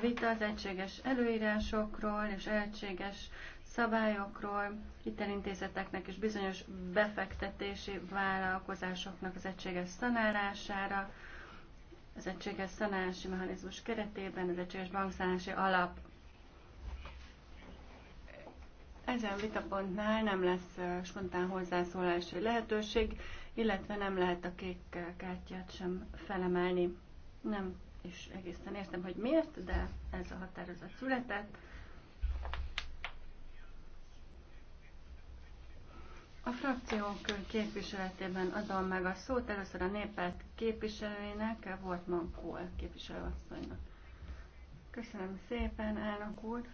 vita az egységes előírásokról és egységes szabályokról, hitelintézeteknek és bizonyos befektetési vállalkozásoknak az egységes szanálására, az egységes szanálási mechanizmus keretében, az egységes bankszanálási alap. Ezen vitapontnál nem lesz spontán hozzászólási lehetőség, illetve nem lehet a kék kártyát sem felemelni. Nem és egészen értem, hogy miért, de ez a határozat született. A frakciónk képviseletében adom meg a szót először a néppárt volt Wortman Kohl képviselőasszonynak. Köszönöm szépen, elnök úr!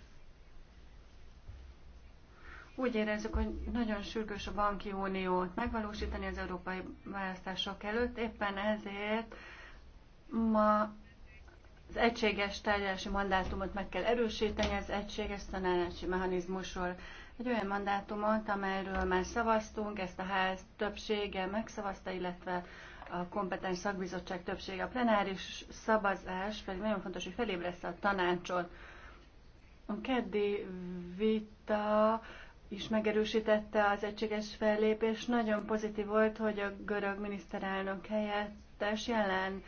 Úgy érezzük, hogy nagyon sürgős a banki uniót megvalósítani az európai választások előtt, éppen ezért ma az egységes tárgyalási mandátumot meg kell erősíteni, az egységes tanácsi mechanizmusról egy olyan mandátumot, amelyről már szavaztunk, ezt a ház többsége megszavazta, illetve a kompetens szakbizottság többsége. A plenáris szavazás pedig nagyon fontos, hogy felébreszte a tanácsot. A keddi vita is megerősítette az egységes fellépés. Nagyon pozitív volt, hogy a görög miniszterelnök helyettes jelen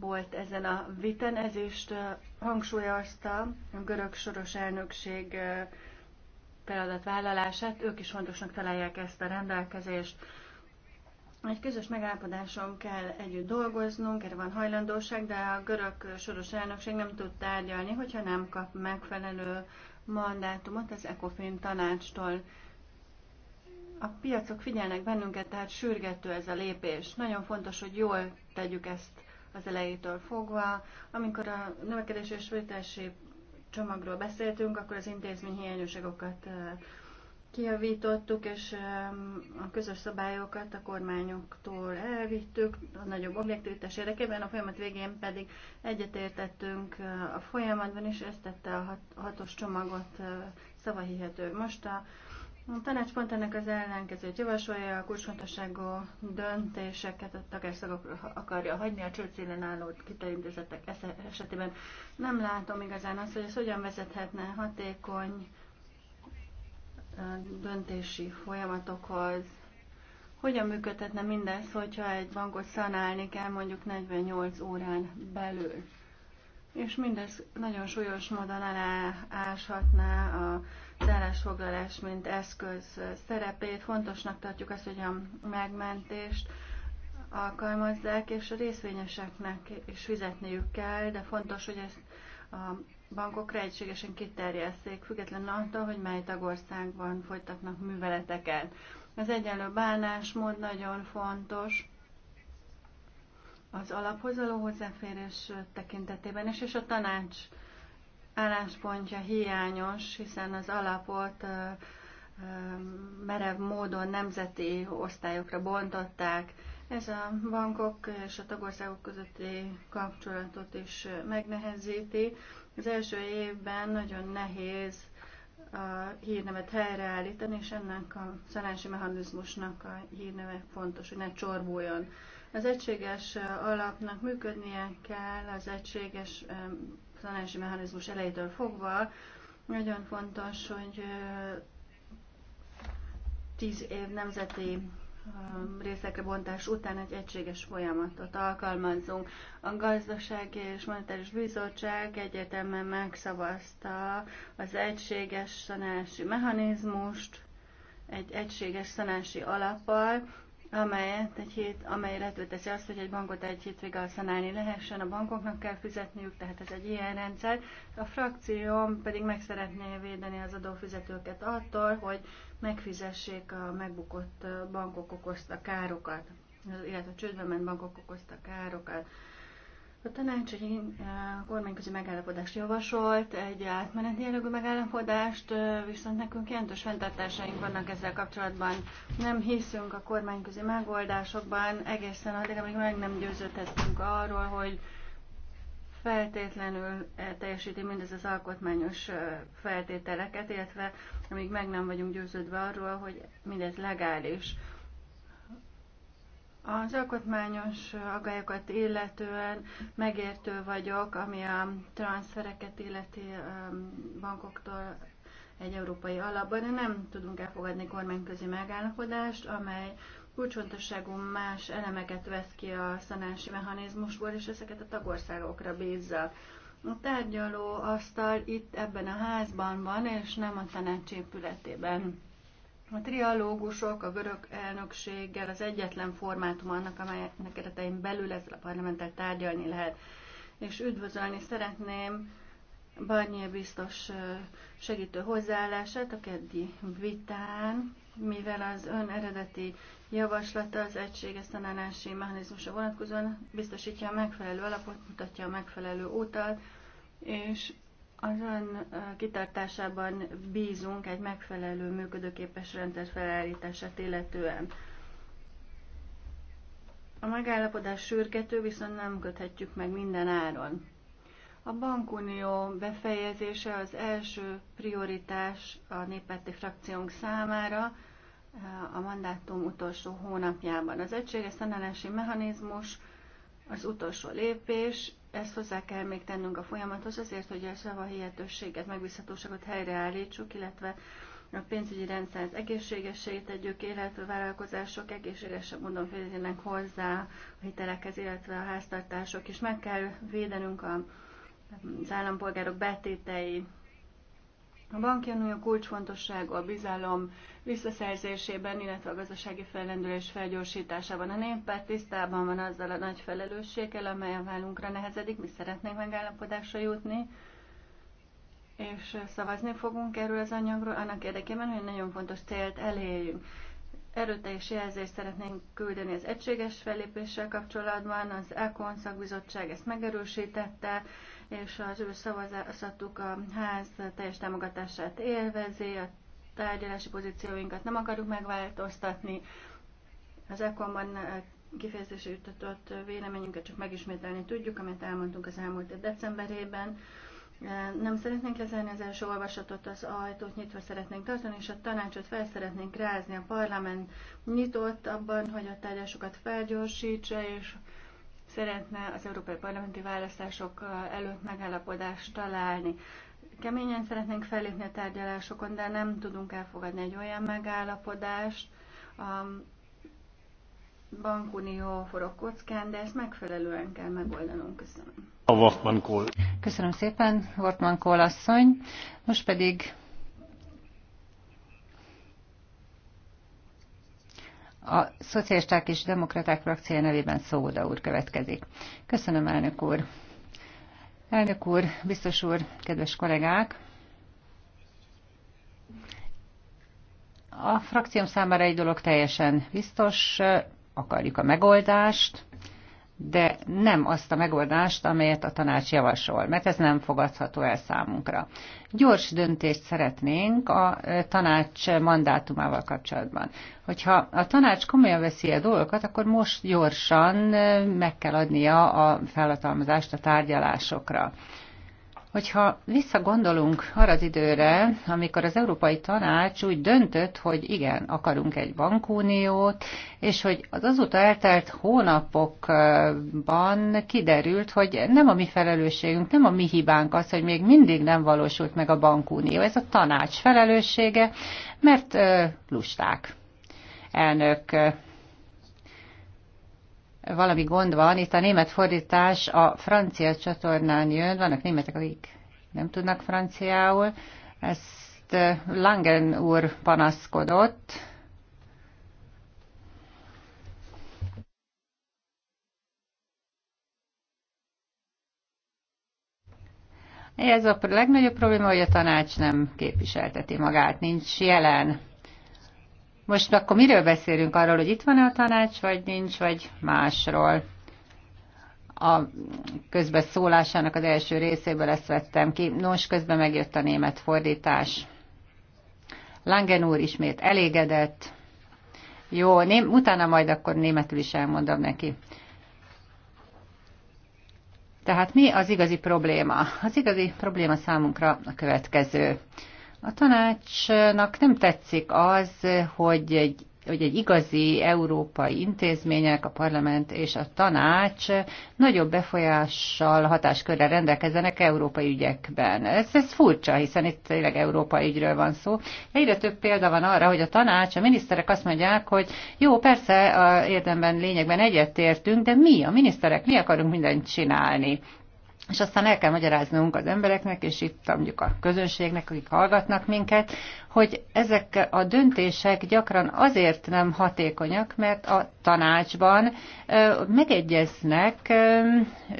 volt ezen a viten, is hangsúlyozta a görög soros elnökség feladatvállalását, ők is fontosnak találják ezt a rendelkezést. Egy közös megállapodáson kell együtt dolgoznunk, erre van hajlandóság, de a görög soros elnökség nem tud tárgyalni, hogyha nem kap megfelelő mandátumot az ECOFIN tanácstól. A piacok figyelnek bennünket, tehát sürgető ez a lépés. Nagyon fontos, hogy jól tegyük ezt az elejétől fogva. Amikor a növekedés és sújtási csomagról beszéltünk, akkor az intézmény hiányosságokat kiavítottuk és a közös szabályokat a kormányoktól elvittük, a nagyobb objektivitás érdekében, a folyamat végén pedig egyetértettünk a folyamatban, és ezt tette a hatos csomagot szavahihető. Most a a tanács pont ennek az ellenkezőt javasolja, a kulcsfontosságú döntéseket a tagországok akarja hagyni, a csőcélen álló kitelintézetek esetében. Nem látom igazán azt, hogy ez hogyan vezethetne hatékony döntési folyamatokhoz. Hogyan működhetne mindez, hogyha egy bankot szanálni kell mondjuk 48 órán belül? És mindez nagyon súlyos módon alááshatná a az állásfoglalás, mint eszköz szerepét. Fontosnak tartjuk azt, hogy a megmentést alkalmazzák, és a részvényeseknek is fizetniük kell, de fontos, hogy ezt a bankokra egységesen kiterjesszék, független attól, hogy mely tagországban folytatnak műveleteket. Az egyenlő bánásmód nagyon fontos az alaphoz való hozzáférés tekintetében is, és a tanács álláspontja hiányos, hiszen az alapot merev módon nemzeti osztályokra bontották. Ez a bankok és a tagországok közötti kapcsolatot is megnehezíti. Az első évben nagyon nehéz a hírnevet helyreállítani, és ennek a szalási mechanizmusnak a hírneve fontos, hogy ne csorbuljon. Az egységes alapnak működnie kell, az egységes szanási mechanizmus elejétől fogva. Nagyon fontos, hogy tíz év nemzeti részekre bontás után egy egységes folyamatot alkalmazzunk. A Gazdasági és Monetáris Bizottság egyetemen megszavazta az egységes szanási mechanizmust, egy egységes szanási alappal, amelyet egy hét, amely lehetővé teszi azt, hogy egy bankot egy hétvég szanálni lehessen, a bankoknak kell fizetniük, tehát ez egy ilyen rendszer. A frakcióm pedig meg szeretné védeni az adófizetőket attól, hogy megfizessék a megbukott bankok okozta károkat, illetve csődbe ment bankok okozta károkat. A tanács egy eh, kormányközi megállapodást javasolt, egy átmeneti jellegű megállapodást, eh, viszont nekünk jelentős fenntartásaink vannak ezzel kapcsolatban. Nem hiszünk a kormányközi megoldásokban, egészen addig, amíg meg nem győződhetünk arról, hogy feltétlenül eh, teljesíti mindez az alkotmányos feltételeket, illetve amíg meg nem vagyunk győződve arról, hogy mindez legális. Az alkotmányos agályokat illetően megértő vagyok, ami a transzfereket illeti bankoktól egy európai alapban, de nem tudunk elfogadni kormányközi megállapodást, amely kulcsfontosságú más elemeket vesz ki a szanási mechanizmusból, és ezeket a tagországokra bízza. A tárgyaló asztal itt ebben a házban van, és nem a tanács épületében. A trialógusok a görög elnökséggel az egyetlen formátum annak, amelynek keretein belül ezzel a parlamenttel tárgyalni lehet. És üdvözölni szeretném Barnier biztos segítő hozzáállását a keddi vitán, mivel az ön eredeti javaslata az egységes tanálási mechanizmusa vonatkozóan biztosítja a megfelelő alapot, mutatja a megfelelő utat, és az ön kitartásában bízunk egy megfelelő működőképes rendszer felállítását illetően. A megállapodás sürgető, viszont nem köthetjük meg minden áron. A bankunió befejezése az első prioritás a néppárti frakciónk számára a mandátum utolsó hónapjában. Az egységes szanálási mechanizmus az utolsó lépés, ezt hozzá kell még tennünk a folyamathoz azért, hogy a sava hihetőséget, megbízhatóságot helyreállítsuk, illetve a pénzügyi rendszer az tegyük, illetve a vállalkozások egészségesebb módon férjenek hozzá a hitelekhez, illetve a háztartások is. Meg kell védenünk a, az állampolgárok betétei a banki a kulcsfontossága a bizalom visszaszerzésében, illetve a gazdasági fellendülés felgyorsításában. A néppárt tisztában van azzal a nagy felelősséggel, amely a vállunkra nehezedik, mi szeretnénk megállapodásra jutni, és szavazni fogunk erről az anyagról, annak érdekében, hogy nagyon fontos célt elérjünk. Erőteljes jelzést szeretnénk küldeni az egységes fellépéssel kapcsolatban, az ECON szakbizottság ezt megerősítette, és az ő szavazatuk a ház teljes támogatását élvezi, a tárgyalási pozícióinkat nem akarjuk megváltoztatni. Az ECOM-ban eh, kifejezésre véleményünket csak megismételni tudjuk, amit elmondtunk az elmúlt decemberében. Eh, nem szeretnénk lezárni az első olvasatot, az ajtót nyitva szeretnénk tartani, és a tanácsot fel szeretnénk rázni. A parlament nyitott abban, hogy a tárgyásokat felgyorsítsa, és szeretne az európai parlamenti választások előtt megállapodást találni. Keményen szeretnénk fellépni a tárgyalásokon, de nem tudunk elfogadni egy olyan megállapodást, a bankunió forog kockán, de ezt megfelelően kell megoldanunk. Köszönöm. A Wortmann Köszönöm szépen, Wortmann Kohl asszony. Most pedig A Szocialisták és Demokraták frakció nevében Szóda úr következik. Köszönöm, elnök úr. Elnök úr, biztos úr, kedves kollégák! A frakcióm számára egy dolog teljesen biztos, akarjuk a megoldást, de nem azt a megoldást, amelyet a tanács javasol, mert ez nem fogadható el számunkra. Gyors döntést szeretnénk a e, tanács mandátumával kapcsolatban. Hogyha a tanács komolyan veszi a dolgokat, akkor most gyorsan e, meg kell adnia a felhatalmazást a tárgyalásokra. Hogyha visszagondolunk arra az időre, amikor az Európai Tanács úgy döntött, hogy igen, akarunk egy bankuniót, és hogy az azóta eltelt hónapokban kiderült, hogy nem a mi felelősségünk, nem a mi hibánk az, hogy még mindig nem valósult meg a bankunió. Ez a tanács felelőssége, mert lusták. Elnök valami gond van. Itt a német fordítás a francia csatornán jön, vannak németek, akik nem tudnak franciául. Ezt eh, Langen úr panaszkodott, Ez a legnagyobb probléma, hogy a tanács nem képviselteti magát, nincs jelen. Most akkor miről beszélünk? Arról, hogy itt van-e a tanács, vagy nincs, vagy másról? A közbeszólásának az első részéből ezt vettem ki. Nos, közben megjött a német fordítás. Langen úr ismét elégedett. Jó, ném, utána majd akkor németül is elmondom neki. Tehát mi az igazi probléma? Az igazi probléma számunkra a következő. A tanácsnak nem tetszik az, hogy egy hogy egy igazi európai intézmények, a parlament és a tanács nagyobb befolyással, hatáskörrel rendelkezzenek európai ügyekben. Ez, ez furcsa, hiszen itt tényleg európai ügyről van szó. Egyre több példa van arra, hogy a tanács, a miniszterek azt mondják, hogy jó, persze a érdemben, lényegben egyetértünk, de mi, a miniszterek, mi akarunk mindent csinálni és aztán el kell magyaráznunk az embereknek, és itt mondjuk a közönségnek, akik hallgatnak minket, hogy ezek a döntések gyakran azért nem hatékonyak, mert a tanácsban megegyeznek,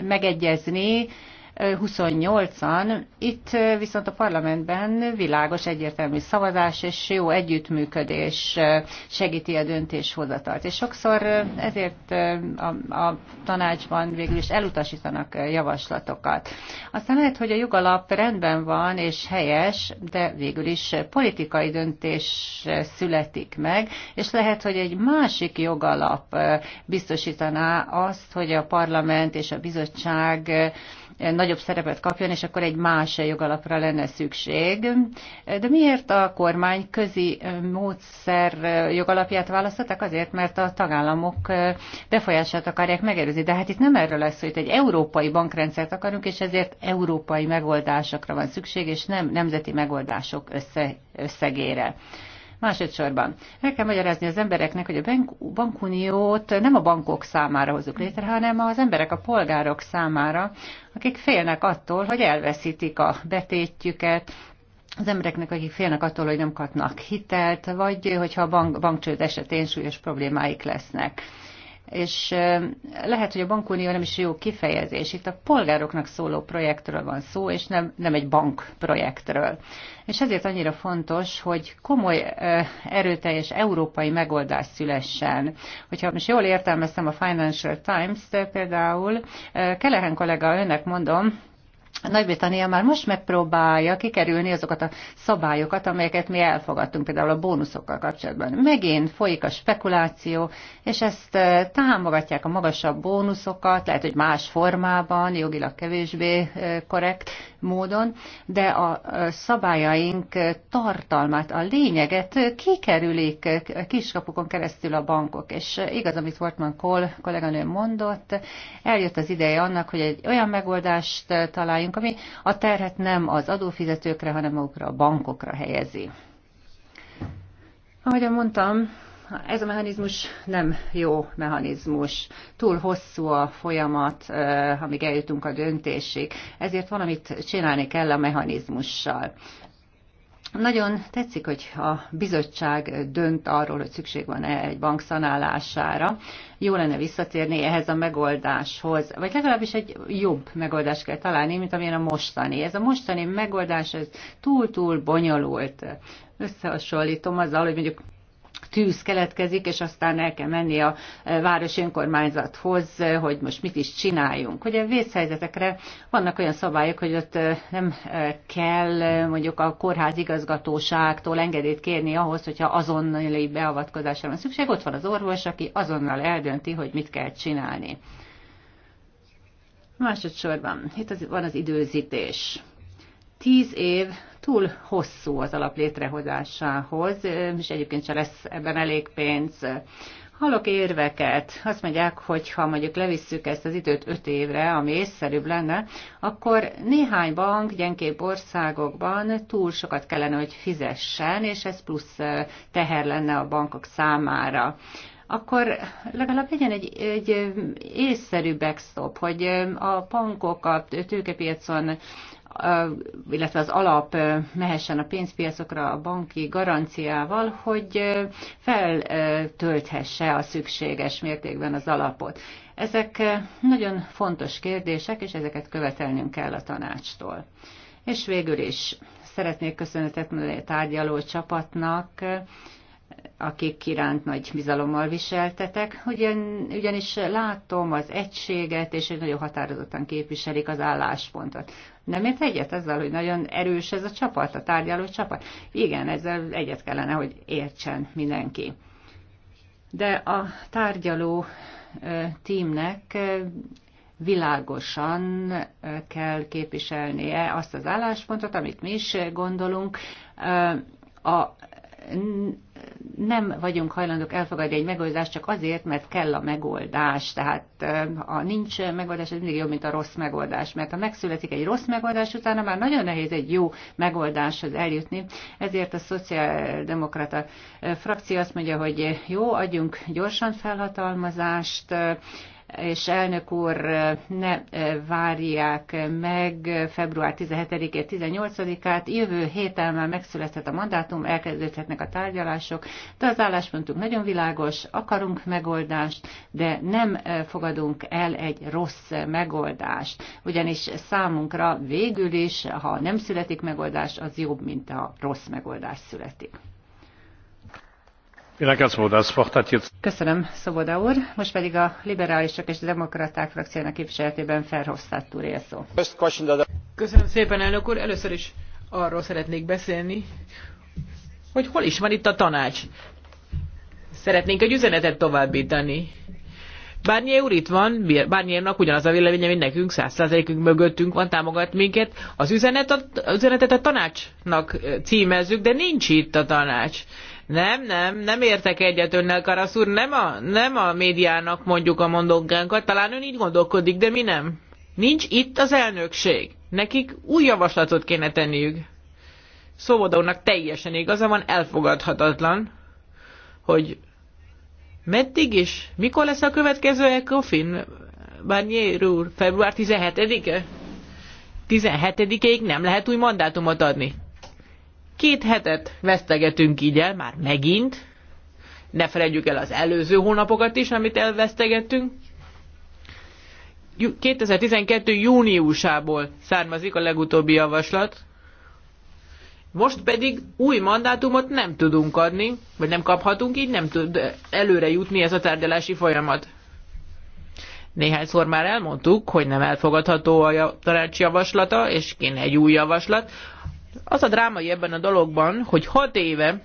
megegyezni 28-an. Itt viszont a parlamentben világos egyértelmű szavazás és jó együttműködés segíti a döntéshozatalt. És sokszor ezért a, a tanácsban végül is elutasítanak javaslatokat. Aztán lehet, hogy a jogalap rendben van és helyes, de végül is politikai döntés születik meg, és lehet, hogy egy másik jogalap biztosítaná azt, hogy a parlament és a bizottság nagyobb szerepet kapjon, és akkor egy más jogalapra lenne szükség. De miért a kormány közi módszer jogalapját választottak? Azért, mert a tagállamok befolyását akarják megerőzni. De hát itt nem erről lesz, hogy egy európai bankrendszert akarunk, és ezért európai megoldásokra van szükség, és nem nemzeti megoldások össze, összegére. Másodszorban el kell magyarázni az embereknek, hogy a bank, bankuniót nem a bankok számára hozzuk létre, hanem az emberek, a polgárok számára, akik félnek attól, hogy elveszítik a betétjüket, az embereknek, akik félnek attól, hogy nem kapnak hitelt, vagy hogyha a bank, bankcsőd esetén súlyos problémáik lesznek és lehet, hogy a bankunió nem is jó kifejezés. Itt a polgároknak szóló projektről van szó, és nem, nem egy projektről. És ezért annyira fontos, hogy komoly, erőteljes európai megoldás szülessen. Hogyha most jól értelmeztem a Financial Times-t például, Kelehen kollega, önnek mondom, nagy-Britannia már most megpróbálja kikerülni azokat a szabályokat, amelyeket mi elfogadtunk, például a bónuszokkal kapcsolatban. Megint folyik a spekuláció, és ezt támogatják a magasabb bónuszokat, lehet, hogy más formában, jogilag kevésbé korrekt módon, de a szabályaink tartalmát, a lényeget kikerülik kiskapukon keresztül a bankok. És igaz, amit Wortman Kohl kolléganő mondott, eljött az ideje annak, hogy egy olyan megoldást találjunk, eszközünk, ami a terhet nem az adófizetőkre, hanem magukra a bankokra helyezi. Ahogy mondtam, ez a mechanizmus nem jó mechanizmus. Túl hosszú a folyamat, amíg eljutunk a döntésig, ezért valamit csinálni kell a mechanizmussal. Nagyon tetszik, hogy a bizottság dönt arról, hogy szükség van-e egy bank szanálására. Jó lenne visszatérni ehhez a megoldáshoz, vagy legalábbis egy jobb megoldást kell találni, mint amilyen a mostani. Ez a mostani megoldás ez túl-túl bonyolult. Összehasonlítom azzal, hogy mondjuk tűz keletkezik, és aztán el kell menni a e, városi önkormányzathoz, e, hogy most mit is csináljunk. Ugye vészhelyzetekre vannak olyan szabályok, hogy ott e, nem kell mondjuk a kórház igazgatóságtól engedélyt kérni ahhoz, hogyha azonnali beavatkozásra van szükség. Ott van az orvos, aki azonnal eldönti, hogy mit kell csinálni. Másodszorban itt az, van az időzítés tíz év túl hosszú az alap létrehozásához, és egyébként se lesz ebben elég pénz. Hallok érveket, azt mondják, hogy ha mondjuk levisszük ezt az időt öt évre, ami észszerűbb lenne, akkor néhány bank gyengébb országokban túl sokat kellene, hogy fizessen, és ez plusz teher lenne a bankok számára akkor legalább legyen egy, egy észszerű backstop, hogy a bankok a tőkepiacon illetve az alap mehessen a pénzpiacokra a banki garanciával, hogy feltölthesse a szükséges mértékben az alapot. Ezek nagyon fontos kérdések, és ezeket követelnünk kell a tanácstól. És végül is szeretnék köszönetet mondani a tárgyaló csapatnak, akik iránt nagy bizalommal viseltetek, ugyan, ugyanis látom az egységet, és ők nagyon határozottan képviselik az álláspontot. Nem ért egyet ezzel, hogy nagyon erős ez a csapat, a tárgyaló csapat? Igen, ezzel egyet kellene, hogy értsen mindenki. De a tárgyaló tímnek világosan kell képviselnie azt az álláspontot, amit mi is gondolunk. A nem vagyunk hajlandók elfogadni egy megoldást csak azért, mert kell a megoldás. Tehát eh, ha nincs megoldás, ez mindig jobb, mint a rossz megoldás. Mert ha megszületik egy rossz megoldás, utána már nagyon nehéz egy jó megoldáshoz eljutni. Ezért a szociáldemokrata eh, frakció azt mondja, hogy jó, adjunk gyorsan felhatalmazást, eh, és elnök úr ne eh, várják meg február 17-ét, 18-át. Jövő héten már megszülethet a mandátum, elkezdődhetnek a tárgyalások, de az álláspontunk nagyon világos, akarunk megoldást, de nem eh, fogadunk el egy rossz megoldást, ugyanis számunkra végül is, ha nem születik megoldás, az jobb, mint a rossz megoldás születik. Köszönöm, Szoboda úr. Most pedig a liberálisok és demokraták frakciónak képviseletében Ferhofstadt úr szó. Köszönöm szépen, elnök úr. Először is arról szeretnék beszélni, hogy hol is van itt a tanács. Szeretnénk egy üzenetet továbbítani. Bárnyi úr itt van, Bárnyérnak ugyanaz a véleménye, mint nekünk, százszázalékünk mögöttünk van, támogat minket. Az, üzenet a, az üzenetet a tanácsnak címezzük, de nincs itt a tanács. Nem, nem, nem értek egyet önnel, Karasz úr, nem a, nem a médiának mondjuk a mondókánkat, talán ön így gondolkodik, de mi nem. Nincs itt az elnökség. Nekik új javaslatot kéne tenniük. Szóvodónak teljesen igaza van, elfogadhatatlan, hogy meddig is, mikor lesz a következő ECOFIN? Barnier úr, február 17-e? 17-ig nem lehet új mandátumot adni. Két hetet vesztegetünk így el, már megint. Ne felejtjük el az előző hónapokat is, amit elvesztegettünk. 2012. júniusából származik a legutóbbi javaslat. Most pedig új mandátumot nem tudunk adni, vagy nem kaphatunk, így nem tud előre jutni ez a tárgyalási folyamat. Néhányszor már elmondtuk, hogy nem elfogadható a tanács javaslata, és kéne egy új javaslat. Az a drámai ebben a dologban, hogy hat éve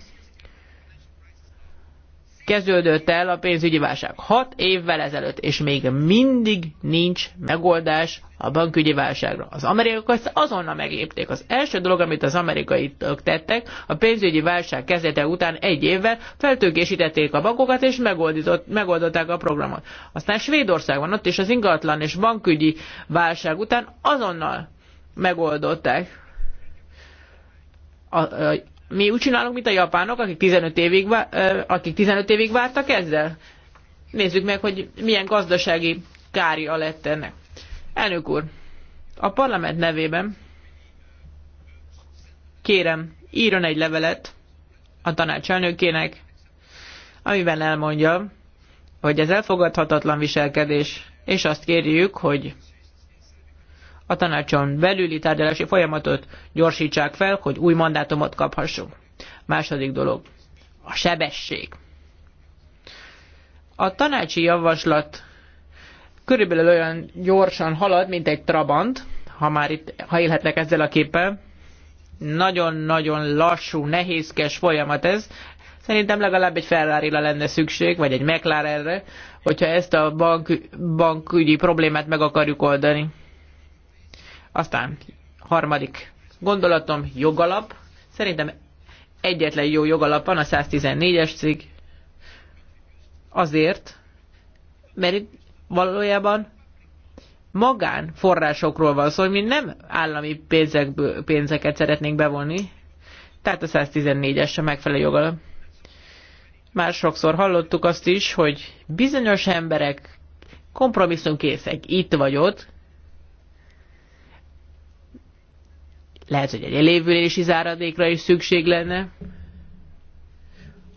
kezdődött el a pénzügyi válság. Hat évvel ezelőtt, és még mindig nincs megoldás a bankügyi válságra. Az amerikaiak ezt azonnal megépték. Az első dolog, amit az amerikaiak tettek, a pénzügyi válság kezdete után egy évvel feltőkésítették a bankokat, és megoldották a programot. Aztán Svédországban ott is az ingatlan és bankügyi válság után azonnal megoldották a, a, mi úgy csinálunk, mint a japánok, akik 15 évig, akik 15 évig vártak ezzel. Nézzük meg, hogy milyen gazdasági kárja lett ennek. Elnök úr, a parlament nevében kérem, írjon egy levelet a tanács elnökének, amiben elmondja, hogy ez elfogadhatatlan viselkedés, és azt kérjük, hogy a tanácson belüli tárgyalási folyamatot gyorsítsák fel, hogy új mandátumot kaphassunk. Második dolog, a sebesség. A tanácsi javaslat körülbelül olyan gyorsan halad, mint egy trabant, ha már itt, ha élhetnek ezzel a képpel. Nagyon-nagyon lassú, nehézkes folyamat ez. Szerintem legalább egy ferrari lenne szükség, vagy egy McLarenre, hogyha ezt a bank, bankügyi problémát meg akarjuk oldani. Aztán harmadik gondolatom, jogalap. Szerintem egyetlen jó jogalap van a 114-es cikk. Azért, mert itt valójában magán forrásokról van szó, hogy mi nem állami pénzekből, pénzeket szeretnénk bevonni, tehát a 114-es sem megfelelő jogalap. Már sokszor hallottuk azt is, hogy bizonyos emberek kompromisszumkészek itt vagy ott, Lehet, hogy egy elévülési záradékra is szükség lenne,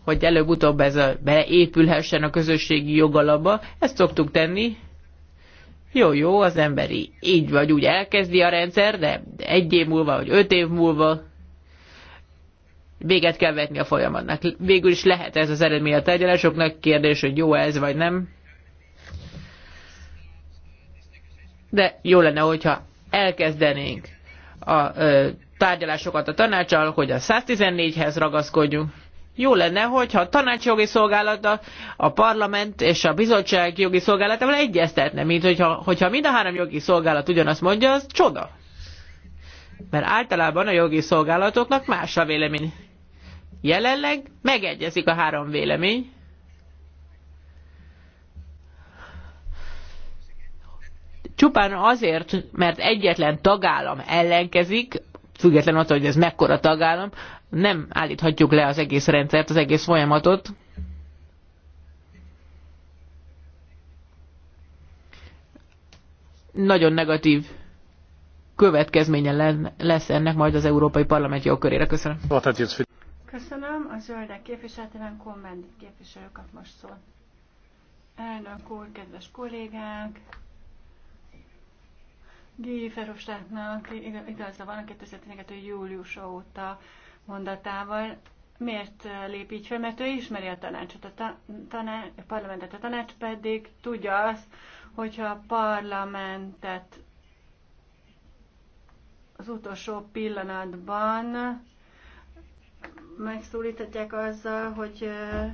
hogy előbb-utóbb ez a, beleépülhessen a közösségi jogalaba. Ezt szoktuk tenni. Jó, jó, az emberi így vagy úgy elkezdi a rendszer, de egy év múlva vagy öt év múlva véget kell vetni a folyamatnak. Végül is lehet ez az eredmény a tárgyalásoknak, kérdés, hogy jó ez vagy nem. De jó lenne, hogyha elkezdenénk a tárgyalásokat a tanácsal, hogy a 114-hez ragaszkodjunk. Jó lenne, hogyha a tanács jogi szolgálata, a parlament és a bizottság jogi szolgálatával egyeztetne, mint hogyha, hogyha mind a három jogi szolgálat ugyanazt mondja, az csoda. Mert általában a jogi szolgálatoknak más a vélemény. Jelenleg megegyezik a három vélemény, csupán azért, mert egyetlen tagállam ellenkezik, független attól, hogy ez mekkora tagállam, nem állíthatjuk le az egész rendszert, az egész folyamatot. Nagyon negatív következménye lesz ennek majd az Európai Parlament jogkörére. Köszönöm. Köszönöm. A zöldek képviseletében komment képviselőkat most szól. Elnök úr, kedves kollégák! Guy Verhofstadtnak igaza van a 2012. július óta mondatával. Miért eh, lép így fel? Mert ő ismeri a tanácsot, a, tanács, a parlamentet, a tanács pedig tudja azt, hogyha a parlamentet az utolsó pillanatban megszólíthatják azzal, hogy eh,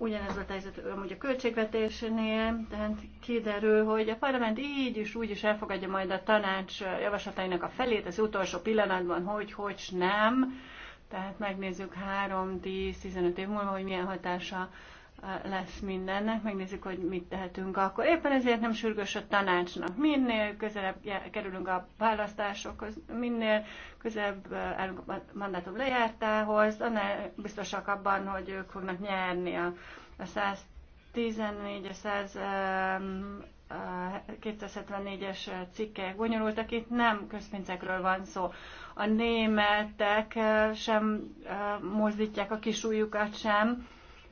Ugyanez volt a helyzet amúgy a költségvetésénél, tehát kiderül, hogy a parlament így is, úgy is elfogadja majd a tanács javaslatainak a felét az utolsó pillanatban, hogy hogy nem. Tehát megnézzük 3, 10, 15 év múlva, hogy milyen hatása lesz mindennek, megnézzük, hogy mit tehetünk akkor. Éppen ezért nem sürgős a tanácsnak. Minél közelebb kerülünk a választásokhoz, minél közelebb eh, állunk a mandátum lejártához, annál biztosak abban, hogy ők fognak nyerni a, a 114, a 100 274-es cikkek bonyolultak, itt nem közpénzekről van szó. A németek eh, sem eh, mozdítják a kisújukat sem,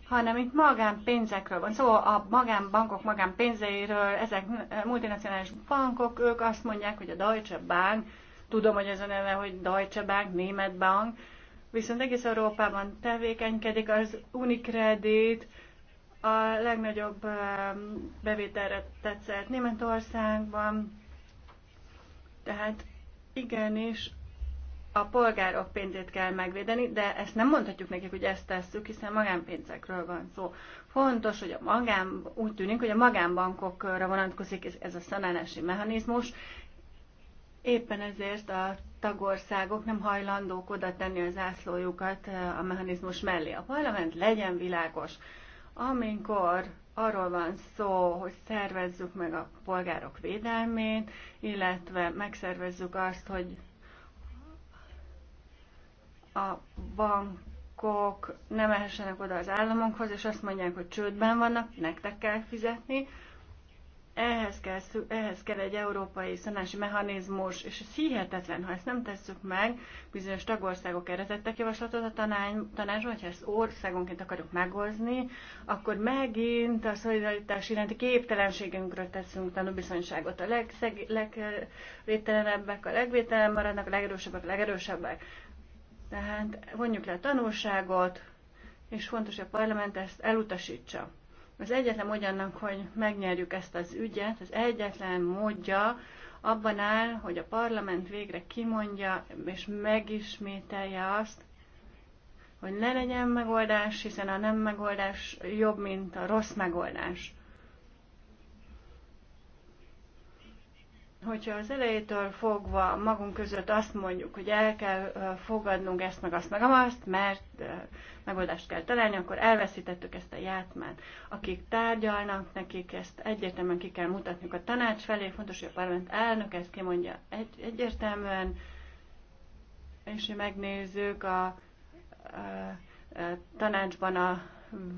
hanem itt magánpénzekről van szóval a magánbankok magánpénzeiről, ezek multinacionális bankok, ők azt mondják, hogy a Deutsche Bank, tudom, hogy ez a neve, hogy Deutsche Bank, Német Bank, viszont egész Európában tevékenykedik, az Unicredit, a legnagyobb bevételre tetszett Németországban, tehát igenis a polgárok pénzét kell megvédeni, de ezt nem mondhatjuk nekik, hogy ezt tesszük, hiszen magánpénzekről van szó. Fontos, hogy a magán, úgy tűnik, hogy a magánbankokra vonatkozik ez a szanálási mechanizmus, Éppen ezért a tagországok nem hajlandók oda tenni az ászlójukat eh, a mechanizmus mellé. A parlament legyen világos. Amikor arról van szó, hogy szervezzük meg a polgárok védelmét, illetve megszervezzük azt, hogy a bankok nem mehessenek oda az államokhoz, és azt mondják, hogy csődben vannak, nektek kell fizetni. Ehhez kell, ehhez kell egy európai szanási mechanizmus, és ez hihetetlen, ha ezt nem tesszük meg, bizonyos tagországok erre tettek javaslatot a tanácsban, hogyha ezt országonként akarjuk megozni, akkor megint a szolidaritás iránti képtelenségünkről teszünk tanúbizonyságot. A legvételenebbek a legvételen maradnak, a legerősebbek a legerősebbek. Tehát vonjuk le a tanulságot, és fontos, hogy a parlament ezt elutasítsa. Az egyetlen módja annak, hogy megnyerjük ezt az ügyet, az egyetlen módja abban áll, hogy a parlament végre kimondja és megismételje azt, hogy ne legyen megoldás, hiszen a nem megoldás jobb, mint a rossz megoldás. hogyha az elejétől fogva magunk között azt mondjuk, hogy el kell fogadnunk ezt, meg azt, meg azt, mert megoldást kell találni, akkor elveszítettük ezt a játmát. Akik tárgyalnak, nekik ezt egyértelműen ki kell mutatniuk a tanács felé, fontos, hogy a parlament elnök ezt kimondja egy, egyértelműen, és megnézzük a, a, a tanácsban a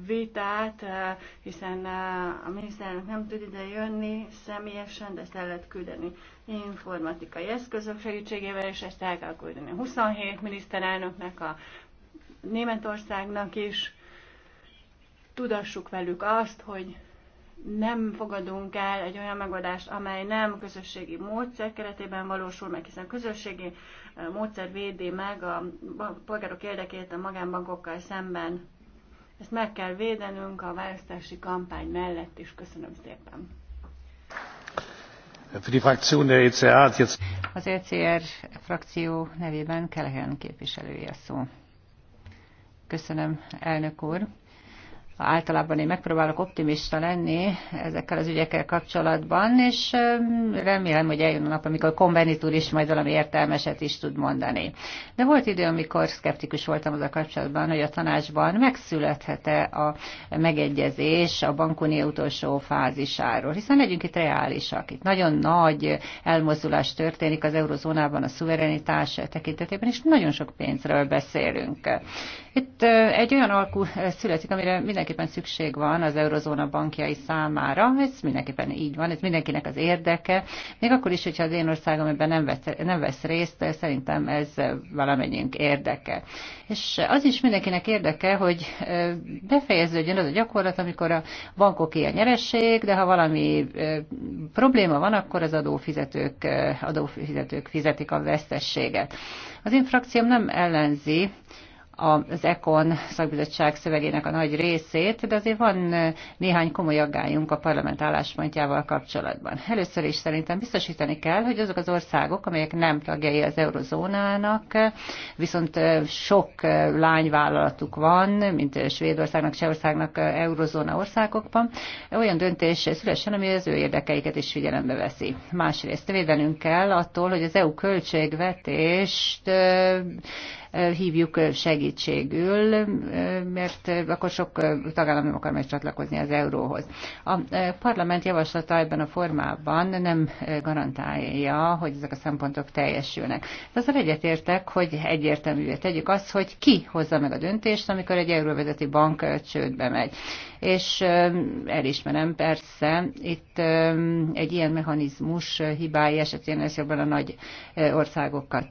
vitát, eh, hiszen eh, a miniszterelnök nem tud ide jönni személyesen, de ezt el lehet küldeni informatikai eszközök segítségével, és ezt el kell küldeni a 27 miniszterelnöknek, a Németországnak is. Tudassuk velük azt, hogy nem fogadunk el egy olyan megoldást, amely nem közösségi módszer keretében valósul meg, hiszen közösségi eh, módszer védi meg a polgárok érdekét a magánbankokkal szemben ezt meg kell védenünk a választási kampány mellett is. Köszönöm szépen. E Az ECR frakció nevében Kelehen képviselője szó. Köszönöm, elnök úr általában én megpróbálok optimista lenni ezekkel az ügyekkel kapcsolatban, és remélem, hogy eljön a nap, amikor konvenitúr is majd valami értelmeset is tud mondani. De volt idő, amikor szkeptikus voltam az a kapcsolatban, hogy a tanácsban megszülethet-e a megegyezés a bankunió utolsó fázisáról, hiszen legyünk itt reálisak. Itt nagyon nagy elmozdulás történik az eurozónában a szuverenitás tekintetében, és nagyon sok pénzről beszélünk. Itt egy olyan alkú születik, amire mindenképpen szükség van az eurozóna bankjai számára. Ez mindenképpen így van, ez mindenkinek az érdeke. Még akkor is, hogyha az én országom ebben nem vesz, nem vesz részt, szerintem ez valamennyiünk érdeke. És az is mindenkinek érdeke, hogy befejeződjön az a gyakorlat, amikor a bankok ilyen nyeresség, de ha valami probléma van, akkor az adófizetők, adófizetők fizetik a vesztességet. Az én frakcióm nem ellenzi az ECON szakbizottság szövegének a nagy részét, de azért van néhány komoly aggályunk a parlament álláspontjával kapcsolatban. Először is szerintem biztosítani kell, hogy azok az országok, amelyek nem tagjai az eurozónának, viszont sok lányvállalatuk van, mint Svédországnak, Csehországnak, eurozóna országokban, olyan döntés szülessen, ami az ő érdekeiket is figyelembe veszi. Másrészt védenünk kell attól, hogy az EU költségvetést hívjuk segítségül, mert akkor sok tagállam nem akar megcsatlakozni az euróhoz. A parlament javaslata ebben a formában nem garantálja, hogy ezek a szempontok teljesülnek. De azzal egyetértek, hogy egyértelművé tegyük azt, hogy ki hozza meg a döntést, amikor egy euróvezeti bank csődbe megy. És elismerem persze, itt egy ilyen mechanizmus hibái esetén ez jobban a nagy országokat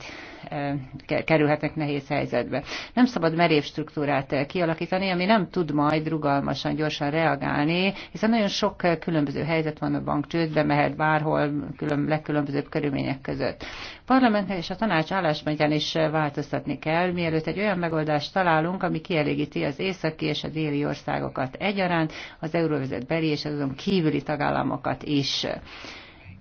kerülhetnek nehéz helyzetbe. Nem szabad merév struktúrát eh, kialakítani, ami nem tud majd rugalmasan, gyorsan reagálni, hiszen nagyon sok eh, különböző helyzet van a bank csődbe, mehet bárhol, külön, legkülönbözőbb körülmények között. Parlament és a tanács álláspontján is eh, változtatni kell, mielőtt egy olyan megoldást találunk, ami kielégíti az északi és a déli országokat egyaránt, az euróvezet beli és azon kívüli tagállamokat is.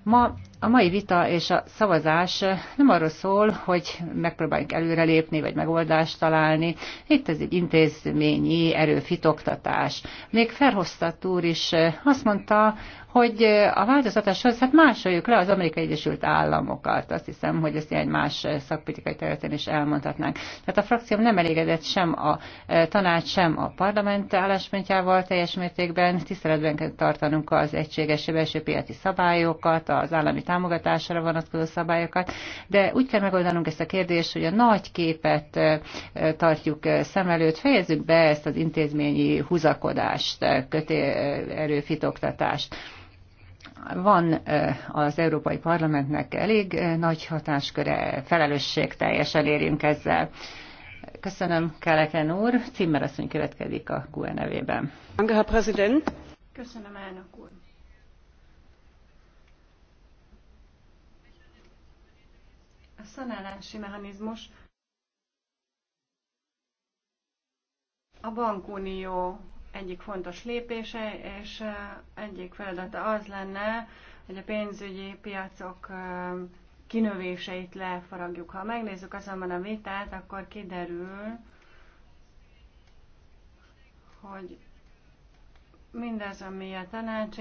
Ma a mai vita és a szavazás nem arról szól, hogy megpróbáljuk előrelépni, vagy megoldást találni. Itt ez egy intézményi erőfitoktatás. Még Ferhoztat úr is azt mondta, hogy a változatáshoz hát másoljuk le az Amerikai Egyesült Államokat. Azt hiszem, hogy ezt egy más szakpolitikai területen is elmondhatnánk. Tehát a frakcióm nem elégedett sem a tanács, sem a parlament álláspontjával teljes mértékben. Tiszteletben kell tartanunk az egységes belső piaci szabályokat, az állami támogatására vonatkozó szabályokat, de úgy kell megoldanunk ezt a kérdést, hogy a nagy képet tartjuk szem előtt, fejezzük be ezt az intézményi húzakodást, köté erőfitoktatást van az Európai Parlamentnek elég nagy hatásköre, felelősség teljesen érjünk ezzel. Köszönöm, Keleken úr. Cimmer asszony következik a QE nevében. Köszönöm, elnök úr. szanálási mechanizmus a bankunió egyik fontos lépése, és egyik feladata az lenne, hogy a pénzügyi piacok kinövéseit lefaragjuk. Ha megnézzük azonban a vitát, akkor kiderül, hogy mindez, ami a tanács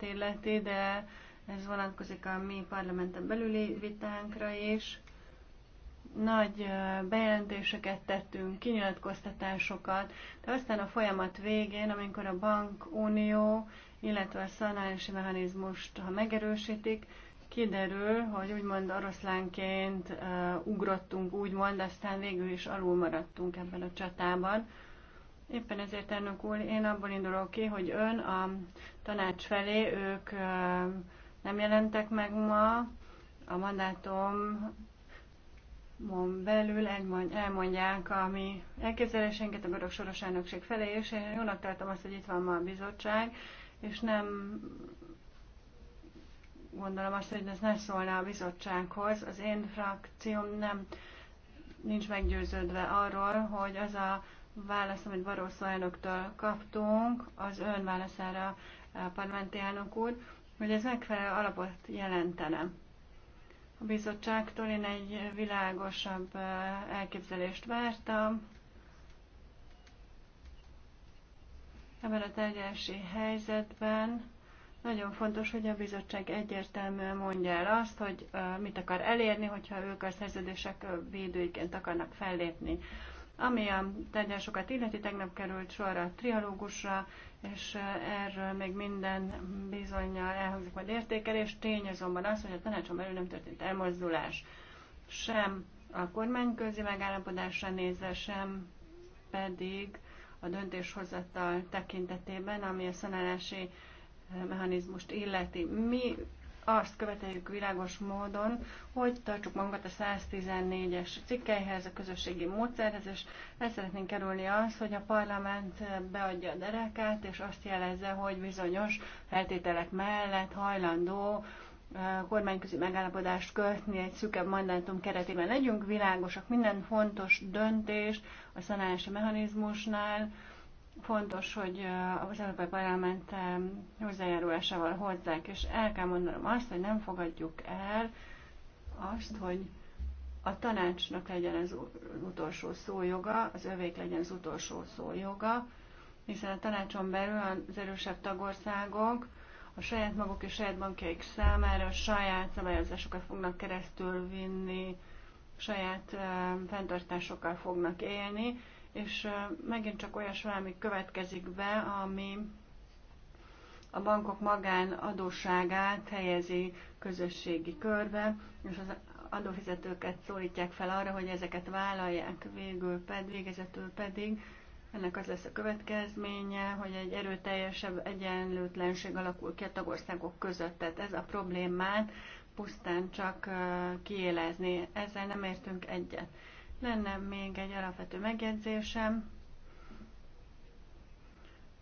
illeti, de ez vonatkozik a mi parlamenten belüli vitánkra is. Nagy bejelentéseket tettünk, kinyilatkoztatásokat, de aztán a folyamat végén, amikor a bankunió, illetve a szanálási mechanizmust, ha megerősítik, kiderül, hogy úgymond oroszlánként uh, ugrottunk, úgymond, aztán végül is alul maradtunk ebben a csatában. Éppen ezért, elnök úr, én abból indulok ki, hogy ön a tanács felé, ők uh, nem jelentek meg ma. A mandátumon belül elmondják a mi a görög soros elnökség felé, és én jónak tartom azt, hogy itt van ma a bizottság, és nem gondolom azt, hogy ez ne szólna a bizottsághoz. Az én frakcióm nem nincs meggyőződve arról, hogy az a válasz, amit Barroso elnöktől kaptunk, az ön válaszára a parlamenti elnök úr, hogy ez megfelelő alapot jelentene. A bizottságtól én egy világosabb elképzelést vártam. Ebben a tárgyalási helyzetben nagyon fontos, hogy a bizottság egyértelműen mondja el azt, hogy mit akar elérni, hogyha ők a szerződések védőiként akarnak fellépni. Ami a tárgyásokat illeti, tegnap került sorra a trialógusra, és eh, erről még minden bizonyal elhangzik majd értékelés. Tény azonban az, hogy a tanácson belül nem történt elmozdulás sem a kormányközi megállapodásra nézve, sem pedig a döntéshozatal tekintetében, ami a szanálási eh, mechanizmust illeti. Mi azt követeljük világos módon, hogy tartsuk magunkat a 114-es cikkeihez, a közösségi módszerhez, és el szeretnénk kerülni azt, hogy a parlament beadja a derekát, és azt jelezze, hogy bizonyos feltételek mellett hajlandó kormányközi megállapodást kötni egy szükebb mandátum keretében. Legyünk világosak, minden fontos döntést a szanálási mechanizmusnál, fontos, hogy az Európai Parlament hozzájárulásával hozzák, és el kell mondanom azt, hogy nem fogadjuk el azt, hogy a tanácsnak legyen az utolsó szójoga, az övék legyen az utolsó szójoga, hiszen a tanácson belül az erősebb tagországok a saját maguk és saját bankjaik számára a saját szabályozásokat fognak keresztül vinni, saját fenntartásokkal fognak élni, és megint csak olyas valami következik be, ami a bankok magán adósságát helyezi közösségi körbe, és az adófizetőket szólítják fel arra, hogy ezeket vállalják végül pedig, végezetül pedig. Ennek az lesz a következménye, hogy egy erőteljesebb egyenlőtlenség alakul ki a tagországok között. Tehát ez a problémát pusztán csak kiélezni. Ezzel nem értünk egyet. Lenne még egy alapvető megjegyzésem.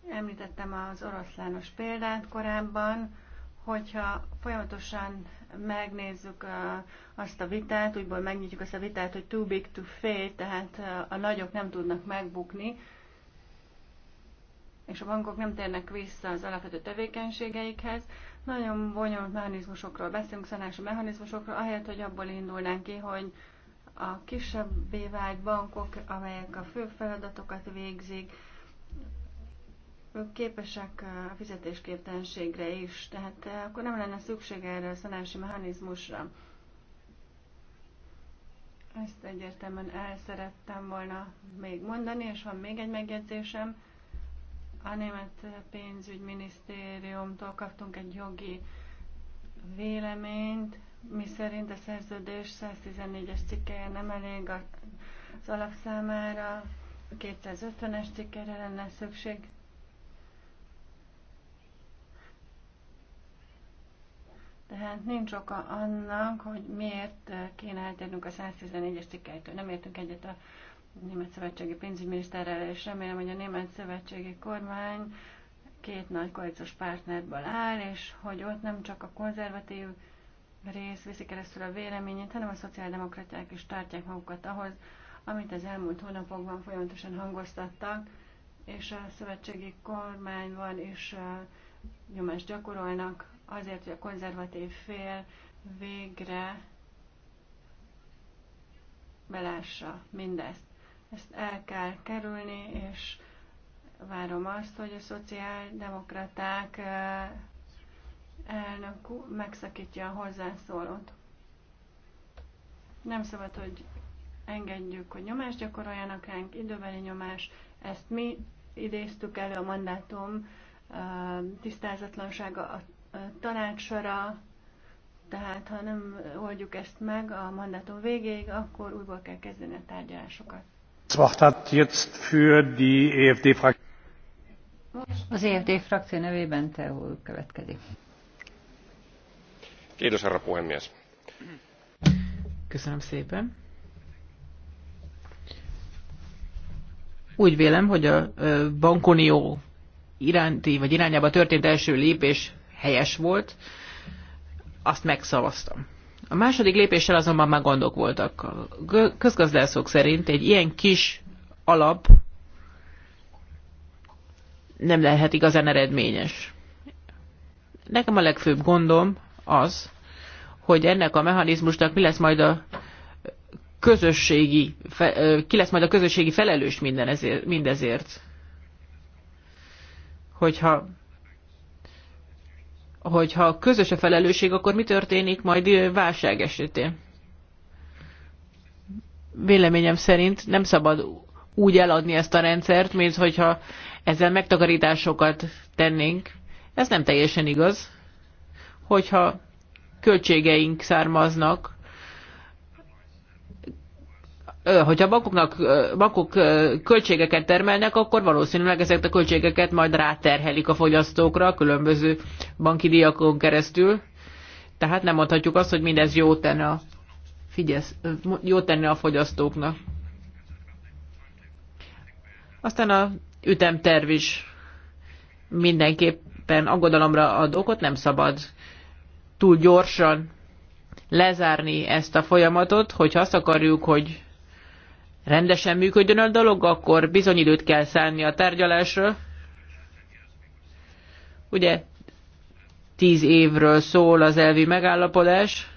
Említettem az oroszlános példát korábban, hogyha folyamatosan megnézzük azt a vitát, úgyból megnyitjuk azt a vitát, hogy too big to fail, tehát a nagyok nem tudnak megbukni, és a bankok nem térnek vissza az alapvető tevékenységeikhez. Nagyon bonyolult mechanizmusokról beszélünk, szanási mechanizmusokról, ahelyett, hogy abból indulnánk ki, hogy a kisebbé vált bankok, amelyek a fő feladatokat végzik, ők képesek a fizetésképtelenségre is, tehát eh, akkor nem lenne szükség erre a szanási mechanizmusra. Ezt egyértelműen el szerettem volna még mondani, és van még egy megjegyzésem. A német pénzügyminisztériumtól kaptunk egy jogi véleményt, mi szerint a szerződés 114-es cikkeje nem elég az alapszámára, a 250-es cikkére lenne szükség. Tehát nincs oka annak, hogy miért kéne eltérnünk a 114-es cikkelytől. Nem értünk egyet a német szövetségi pénzügyminiszterrel, és remélem, hogy a német szövetségi kormány két nagy koalíciós partnerből áll, és hogy ott nem csak a konzervatív rész viszi keresztül a véleményét, hanem a szociáldemokraták is tartják magukat ahhoz, amit az elmúlt hónapokban folyamatosan hangoztattak, és a szövetségi kormányban is nyomást gyakorolnak azért, hogy a konzervatív fél végre belássa mindezt. Ezt el kell kerülni, és várom azt, hogy a szociáldemokraták elnök megszakítja a hozzászólót. Nem szabad, hogy engedjük, hogy nyomást gyakoroljanak ránk, időbeli nyomás. Ezt mi idéztük elő a mandátum tisztázatlansága a tanácsra, tehát ha nem oldjuk ezt meg a mandátum végéig, akkor újból kell kezdeni a tárgyalásokat. E Az EFD frakció nevében Teó következik herra puhemies Köszönöm szépen. Úgy vélem, hogy a bankunió iránti vagy irányába történt első lépés helyes volt, azt megszavaztam. A második lépéssel azonban már gondok voltak. A közgazdászok szerint egy ilyen kis alap nem lehet igazán eredményes. Nekem a legfőbb gondom az, hogy ennek a mechanizmusnak mi lesz majd a közösségi, ki lesz majd a közösségi felelős minden ezért, mindezért. Hogyha hogyha közös a felelősség, akkor mi történik majd válság esetén? Véleményem szerint nem szabad úgy eladni ezt a rendszert, mint hogyha ezzel megtakarításokat tennénk. Ez nem teljesen igaz hogyha költségeink származnak, hogyha bankoknak, bankok költségeket termelnek, akkor valószínűleg ezeket a költségeket majd ráterhelik a fogyasztókra a különböző banki diakon keresztül. Tehát nem mondhatjuk azt, hogy mindez jó tenne a, figyelsz, jó tenne a fogyasztóknak. Aztán a ütemterv is mindenképpen aggodalomra ad okot, nem szabad túl gyorsan lezárni ezt a folyamatot, hogy azt akarjuk, hogy rendesen működjön a dolog, akkor bizony időt kell szállni a tárgyalásra. Ugye tíz évről szól az elvi megállapodás.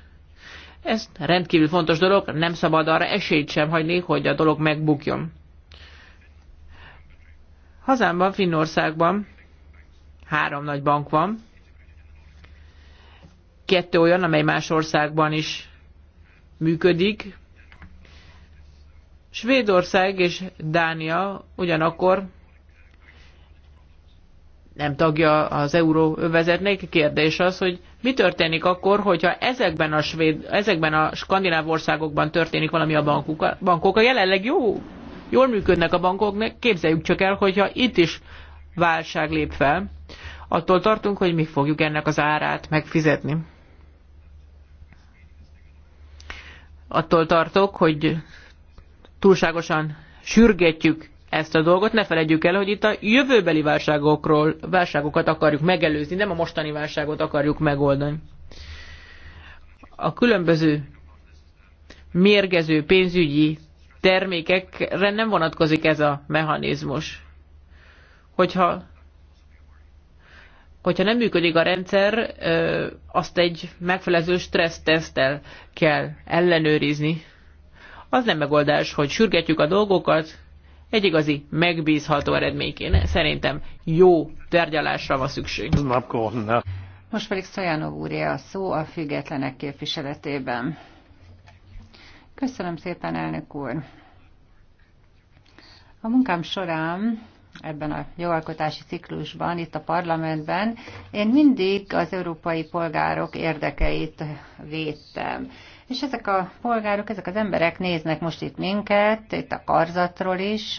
Ez rendkívül fontos dolog, nem szabad arra esélyt sem hagyni, hogy a dolog megbukjon. Hazámban, Finnországban három nagy bank van, kettő olyan, amely más országban is működik. Svédország és Dánia ugyanakkor nem tagja az euróövezetnek. Kérdés az, hogy mi történik akkor, hogyha ezekben a, svéd, ezekben a skandináv országokban történik valami a bankok, a bankok a jelenleg jó, jól működnek a bankok, képzeljük csak el, hogyha itt is válság lép fel, attól tartunk, hogy mi fogjuk ennek az árát megfizetni. attól tartok, hogy túlságosan sürgetjük ezt a dolgot, ne felejtjük el, hogy itt a jövőbeli válságokról, válságokat akarjuk megelőzni, nem a mostani válságot akarjuk megoldani. A különböző mérgező pénzügyi termékekre nem vonatkozik ez a mechanizmus. Hogyha hogyha nem működik a rendszer, azt egy megfelelő stressztesztel kell ellenőrizni. Az nem megoldás, hogy sürgetjük a dolgokat, egy igazi, megbízható eredményként. Szerintem jó tárgyalásra van szükség. Most pedig Szajánov úré a szó a függetlenek képviseletében. Köszönöm szépen, elnök úr! A munkám során ebben a jogalkotási ciklusban, itt a parlamentben, én mindig az európai polgárok érdekeit védtem. És ezek a polgárok, ezek az emberek néznek most itt minket, itt a karzatról is,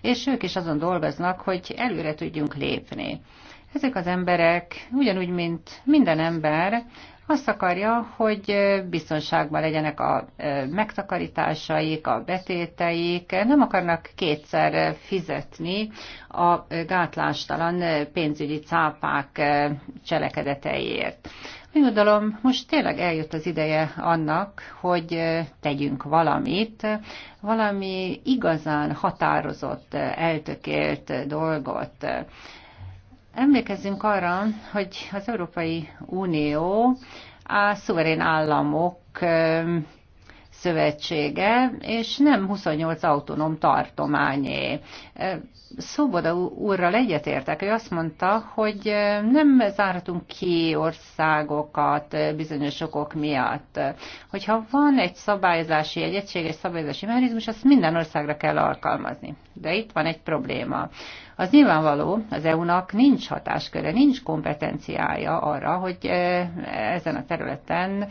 és ők is azon dolgoznak, hogy előre tudjunk lépni. Ezek az emberek, ugyanúgy, mint minden ember, azt akarja, hogy biztonságban legyenek a megtakarításaik, a betéteik, nem akarnak kétszer fizetni a gátlástalan pénzügyi cápák cselekedeteiért. Úgy gondolom, most tényleg eljött az ideje annak, hogy tegyünk valamit, valami igazán határozott, eltökélt dolgot Emlékezzünk arra, hogy az Európai Unió a szuverén államok szövetsége, és nem 28 autonóm tartományé. Szoboda úrral egyetértek, ő azt mondta, hogy nem zárhatunk ki országokat bizonyos okok miatt. Hogyha van egy szabályozási, egy egységes szabályozási mechanizmus, azt minden országra kell alkalmazni. De itt van egy probléma. Az nyilvánvaló, az EU-nak nincs hatásköre, nincs kompetenciája arra, hogy ezen a területen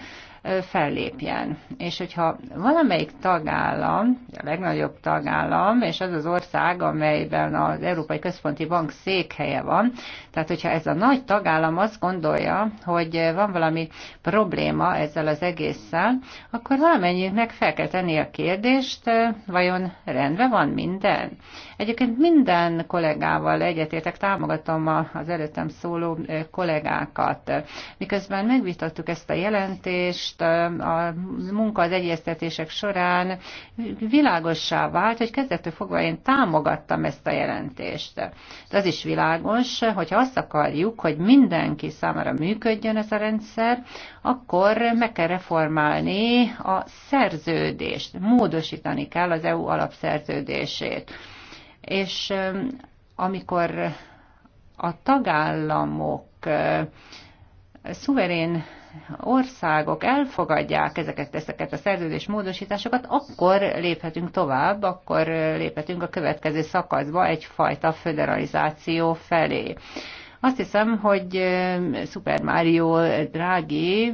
fellépjen. És hogyha valamelyik tagállam, a legnagyobb tagállam, és az az ország, amelyben az Európai Központi Bank székhelye van, tehát hogyha ez a nagy tagállam azt gondolja, hogy van valami probléma ezzel az egésszel, akkor valamennyiknek fel kell tenni a kérdést, vajon rendben van minden? Egyébként minden kollégával egyetértek, támogatom az előttem szóló kollégákat. Miközben megvitattuk ezt a jelentést, most a munka az egyeztetések során világossá vált, hogy kezdettől fogva én támogattam ezt a jelentést. De az is világos, hogyha azt akarjuk, hogy mindenki számára működjön ez a rendszer, akkor meg kell reformálni a szerződést, módosítani kell az EU alapszerződését. És amikor a tagállamok szuverén országok elfogadják ezeket, ezeket a szerződés módosításokat, akkor léphetünk tovább, akkor léphetünk a következő szakaszba egyfajta föderalizáció felé. Azt hiszem, hogy Super Mario drági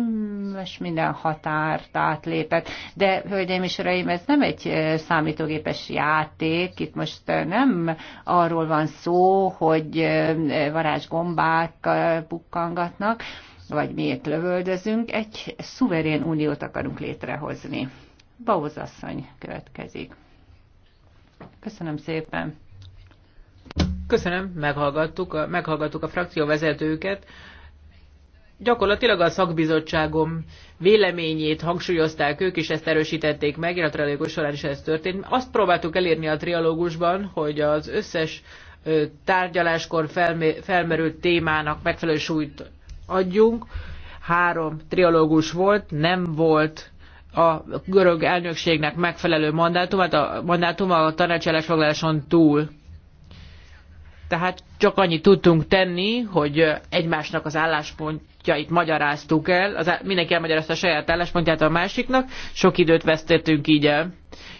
most minden határt átlépett, de hölgyeim és uraim, ez nem egy számítógépes játék, itt most nem arról van szó, hogy varázsgombák bukkangatnak, vagy miért lövöldözünk, egy szuverén uniót akarunk létrehozni. Bauz asszony következik. Köszönöm szépen. Köszönöm, meghallgattuk a, meghallgattuk a frakcióvezetőket. Gyakorlatilag a szakbizottságom véleményét hangsúlyozták ők, és ezt erősítették meg, a trialógus során is ez történt. Azt próbáltuk elérni a trialógusban, hogy az összes tárgyaláskor felmerült témának megfelelő súlyt adjunk. Három trialógus volt, nem volt a görög elnökségnek megfelelő hát a mandátum a foglaláson túl. Tehát csak annyit tudtunk tenni, hogy egymásnak az álláspontjait magyaráztuk el, az, mindenki elmagyarázta a saját álláspontját a másiknak, sok időt vesztettünk így el.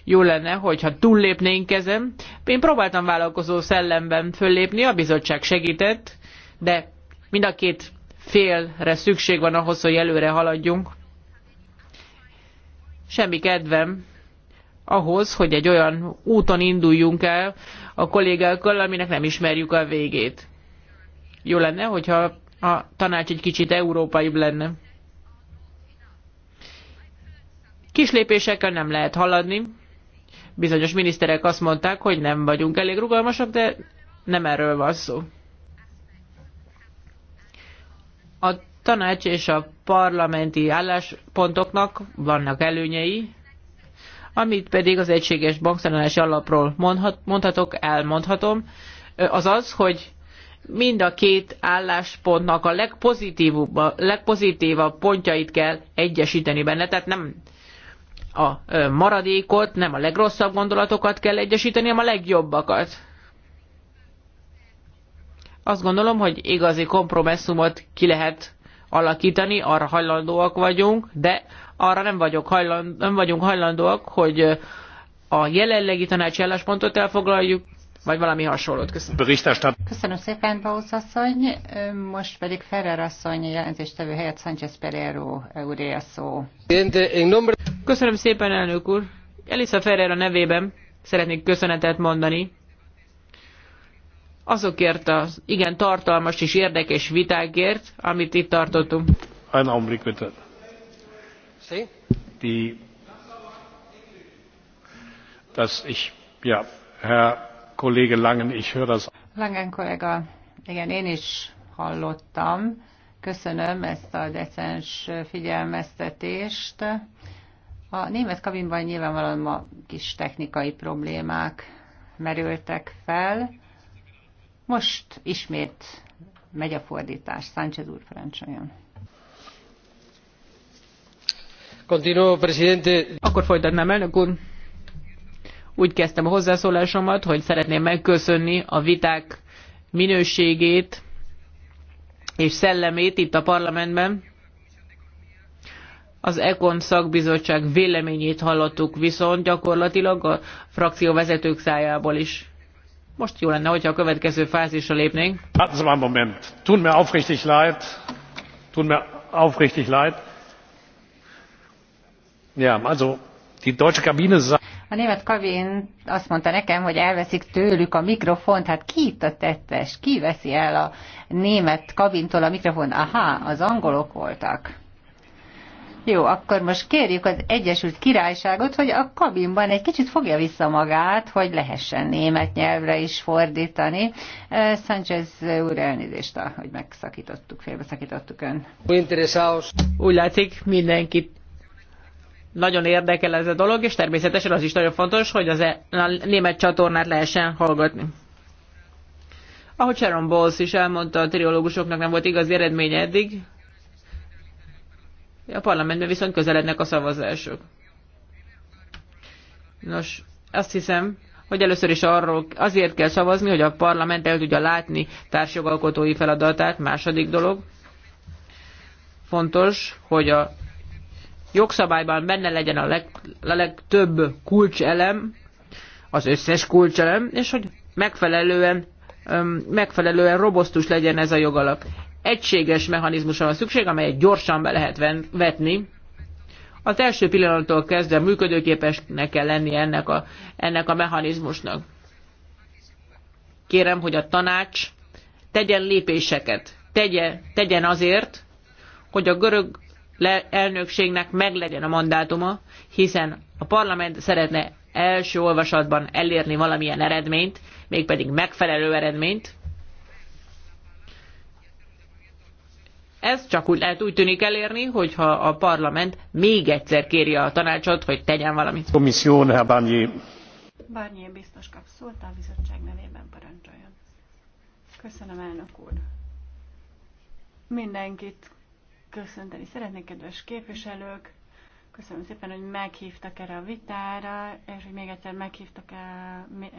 Jó lenne, hogyha túllépnénk ezen. Én próbáltam vállalkozó szellemben föllépni, a bizottság segített, de mind a két félre szükség van ahhoz, hogy előre haladjunk. Semmi kedvem ahhoz, hogy egy olyan úton induljunk el a kollégákkal, aminek nem ismerjük a végét. Jó lenne, hogyha a tanács egy kicsit európaibb lenne. Kis lépésekkel nem lehet haladni. Bizonyos miniszterek azt mondták, hogy nem vagyunk elég rugalmasak, de nem erről van szó. A tanács és a parlamenti álláspontoknak vannak előnyei, amit pedig az egységes bankszállalási alapról mondhat, mondhatok, elmondhatom, az az, hogy mind a két álláspontnak a legpozitívabb, a legpozitívabb pontjait kell egyesíteni benne, tehát nem a maradékot, nem a legrosszabb gondolatokat kell egyesíteni, hanem a legjobbakat. Azt gondolom, hogy igazi kompromisszumot ki lehet alakítani, arra hajlandóak vagyunk, de arra nem, vagyok hajland, nem vagyunk hajlandóak, hogy a jelenlegi tanácsi álláspontot elfoglaljuk, vagy valami hasonlót. Köszönöm. Köszönöm szépen, Bausz asszony. Most pedig Ferrer asszony jelentéstevő helyett Sánchez Pereiro úré a szó. Köszönöm szépen, elnök úr. Elisa Ferrer a nevében szeretnék köszönetet mondani azokért az igen tartalmas és érdekes vitákért, amit itt tartottunk. Ein Augenblick bitte. Sí? Die, dass ich, ja, Herr Kollege Langen, ich höre das. Langen kollega, igen, én is hallottam. Köszönöm ezt a decens figyelmeztetést. A német kabinban nyilvánvalóan ma kis technikai problémák merültek fel most ismét megy a fordítás. Sánchez úr parancsoljon. Continuo, presidente. Akkor folytatnám, elnök úr. Úgy kezdtem a hozzászólásomat, hogy szeretném megköszönni a viták minőségét és szellemét itt a parlamentben. Az Ekon szakbizottság véleményét hallottuk viszont gyakorlatilag a frakcióvezetők szájából is. Most jó lenne, hogyha a következő fázisra lépnénk. Warten Sie mal einen Moment. Tun mir aufrichtig leid. Tun mir aufrichtig leid. Ja, also die deutsche Kabine sagt... A német kabin azt mondta nekem, hogy elveszik tőlük a mikrofont. Hát ki itt a tettes? Ki veszi el a német kabintól a mikrofont? Aha, az angolok voltak. Jó, akkor most kérjük az Egyesült Királyságot, hogy a kabinban egy kicsit fogja vissza magát, hogy lehessen német nyelvre is fordítani. Sánchez úr elnézést, hogy megszakítottuk, félbeszakítottuk ön. Úgy látszik, mindenkit nagyon érdekel ez a dolog, és természetesen az is nagyon fontos, hogy az e a német csatornát lehessen hallgatni. Ahogy Sharon Bowles is elmondta, a triológusoknak nem volt igaz eredménye eddig, a parlamentben viszont közelednek a szavazások. Nos, azt hiszem, hogy először is arról azért kell szavazni, hogy a parlament el tudja látni társjogalkotói feladatát. Második dolog, fontos, hogy a jogszabályban benne legyen a, leg, a legtöbb kulcselem, az összes kulcselem, és hogy megfelelően, megfelelően robosztus legyen ez a jogalap egységes mechanizmusra van szükség, amelyet gyorsan be lehet vetni. Az első pillanattól kezdve működőképesnek kell lenni ennek a, ennek a mechanizmusnak. Kérem, hogy a tanács tegyen lépéseket, tegye, tegyen azért, hogy a görög elnökségnek meglegyen a mandátuma, hiszen a parlament szeretne első olvasatban elérni valamilyen eredményt, mégpedig megfelelő eredményt, Ez csak úgy lehet úgy tűnik elérni, hogyha a parlament még egyszer kéri a tanácsot, hogy tegyen valamit. Komisszión, Herr Barnier. Barnier biztos kap szólt, a bizottság nevében parancsoljon. Köszönöm, elnök úr. Mindenkit köszönteni szeretnék, kedves képviselők. Köszönöm szépen, hogy meghívtak erre a vitára, és hogy még egyszer meghívtak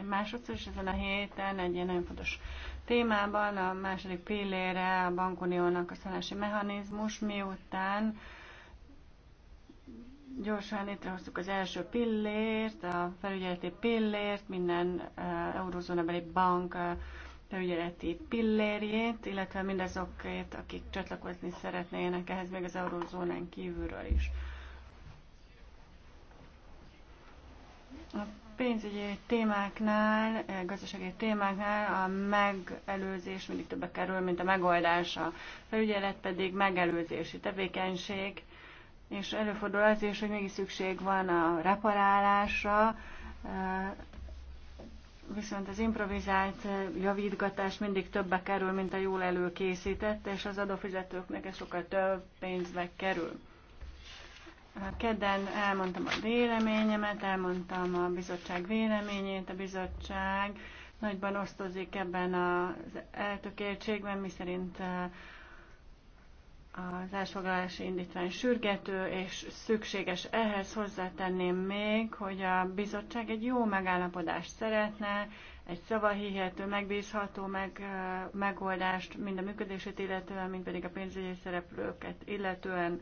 másodszor, és ezen a héten egy ilyen nagyon fontos témában, a második pillére a bankuniónak a szállási mechanizmus, miután gyorsan létrehoztuk az első pillért, a felügyeleti pillért, minden uh, eurozónabeli bank felügyeleti pillérjét, illetve mindazokért, akik csatlakozni szeretnének ehhez még az eurózónán kívülről is. A pénzügyi témáknál, eh, gazdasági témáknál a megelőzés mindig többe kerül, mint a megoldása. A felügyelet pedig megelőzési tevékenység, és előfordul az is, hogy mégis szükség van a reparálásra, eh, viszont az improvizált javítgatás mindig többe kerül, mint a jól előkészített, és az adófizetőknek ez sokkal több pénzbe kerül. Kedden elmondtam a véleményemet, elmondtam a bizottság véleményét, a bizottság nagyban osztozik ebben az eltökéltségben, miszerint eh, az elsfoglalási indítvány sürgető és szükséges. Ehhez hozzátenném még, hogy a bizottság egy jó megállapodást szeretne, egy szavahihető, megbízható meg, eh, megoldást mind a működését illetően, mind pedig a pénzügyi szereplőket illetően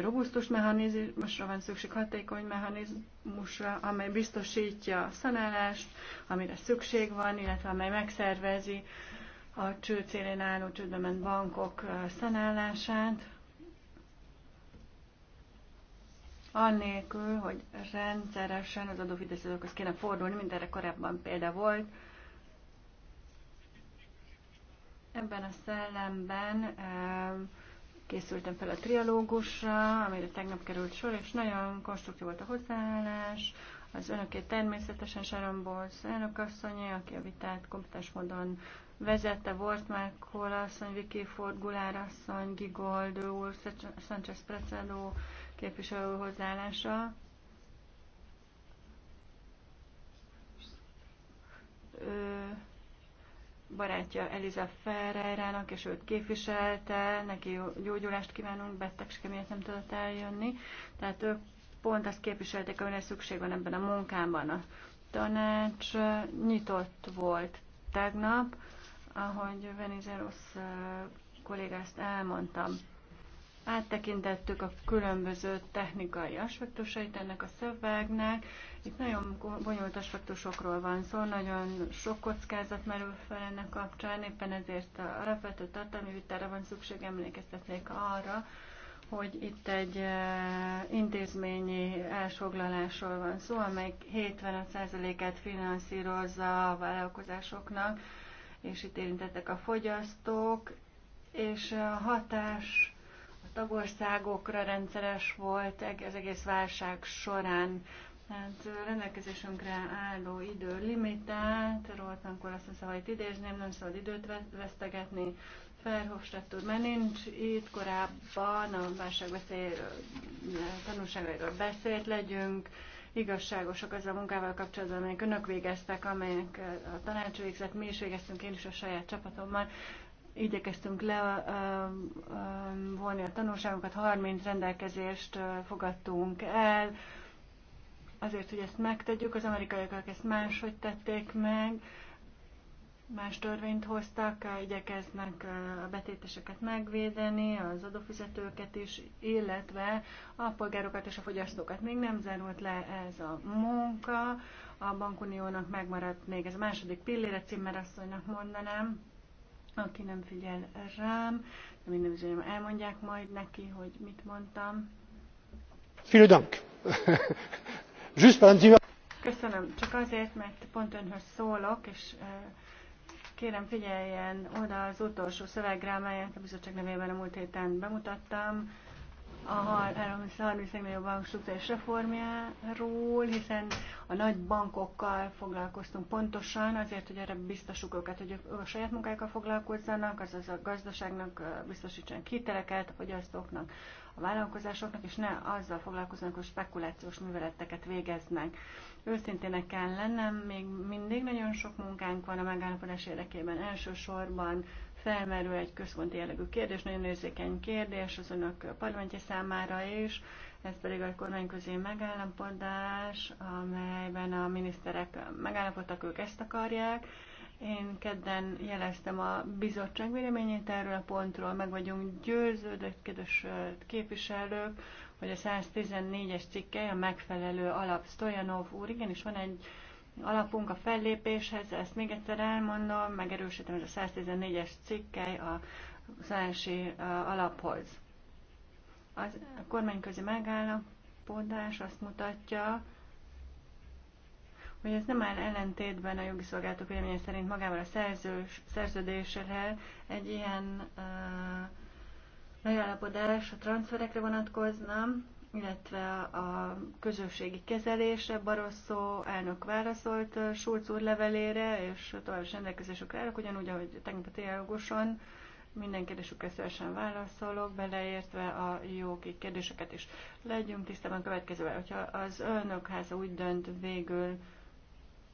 robusztus mechanizmusra van szükség, hatékony mechanizmusra, amely biztosítja a szanálást, amire szükség van, illetve amely megszervezi a cső célén álló csődbe ment bankok uh, szanálását, annélkül, hogy rendszeresen az adófizetőkhöz kéne fordulni, mint erre korábban példa volt. Ebben a szellemben um, készültem fel a trialógusra, amire tegnap került sor, és nagyon konstruktív volt a hozzáállás. Az önöké természetesen Sharon Bowles elnökasszonyi, aki a vitát kompetens módon vezette, volt már Kola asszony, Vicky Ford, Gulár asszony, Gigold úr, Sanchez Precedo képviselő hozzáállása. Ö, barátja Eliza Ferreira-nak, és őt képviselte, neki gyógyulást kívánunk, betegség miatt nem tudott eljönni. Tehát ők pont azt képviselték, amire szükség van ebben a munkában. A tanács nyitott volt tegnap, ahogy Venizelos kollégázt elmondtam áttekintettük a különböző technikai aspektusait ennek a szövegnek. Itt nagyon bonyolult aspektusokról van szó, szóval nagyon sok kockázat merül fel ennek kapcsán, éppen ezért a alapvető tartalmi vitára van szükség, emlékeztetnék arra, hogy itt egy eh, intézményi elsoglalásról van szó, amely 75%-át finanszírozza a vállalkozásoknak, és itt érintettek a fogyasztók, és a hatás tagországokra rendszeres volt az egész válság során. Tehát rendelkezésünkre álló idő limitált, Roltankor azt hiszem, hogy idézném, nem szabad időt vesztegetni. Ferhofstadt úr már nincs itt, korábban a válság tanulságairól beszélt legyünk, igazságosak az a munkával kapcsolatban, amelyek önök végeztek, amelyek a tanács végzett, mi is végeztünk, én is a saját csapatommal igyekeztünk levonni a tanulságokat, 30 rendelkezést fogadtunk el, azért, hogy ezt megtegyük, az amerikaiak ezt máshogy tették meg, más törvényt hoztak, igyekeznek a betéteseket megvédeni, az adófizetőket is, illetve a polgárokat és a fogyasztókat. Még nem zárult le ez a munka, a bankuniónak megmaradt még ez a második pillére, címmerasszonynak mondanám, aki nem figyel rám, de minden bizonyom elmondják majd neki, hogy mit mondtam. Vielen Dank. Just Köszönöm. Csak azért, mert pont önhöz szólok, és eh, kérem figyeljen oda az utolsó szövegre, amelyet a bizottság nevében a múlt héten bemutattam a 330 legnagyobb bank struktúrás reformjáról, hiszen a nagy bankokkal foglalkoztunk pontosan azért, hogy erre biztosuk őket, hogy ők a saját munkájukkal foglalkozzanak, azaz a gazdaságnak biztosítsanak hiteleket, a fogyasztóknak, a vállalkozásoknak, és ne azzal foglalkoznak, hogy spekulációs műveleteket végeznek. Őszintének kell lennem, még mindig nagyon sok munkánk van a megállapodás érdekében. Elsősorban felmerül egy központi jellegű kérdés, nagyon érzékeny kérdés az önök parlamentje számára is, ez pedig a kormányközi megállapodás, amelyben a miniszterek megállapodtak, ők ezt akarják. Én kedden jeleztem a bizottság véleményét erről a pontról, meg vagyunk győződött, kedves képviselők, hogy a 114-es cikke a megfelelő alap. Stojanov úr, igenis van egy alapunk a fellépéshez, ezt még egyszer elmondom, megerősítem, ez a 114-es cikkely a szállási alaphoz. Az, a kormányközi megállapodás azt mutatja, hogy ez nem áll ellentétben a jogi szolgálatok véleménye szerint magával a szerzős, szerződéssel egy ilyen uh, megállapodás a transferekre vonatkozna, illetve a közösségi kezelésre Barosszó elnök válaszolt Schulz úr levelére, és további rendelkezésük állok, ugyanúgy, ahogy tegnap a dialoguson minden kérdésükre szívesen válaszolok, beleértve a jogi kérdéseket is. Legyünk tisztában következővel, hogyha az önök háza úgy dönt végül,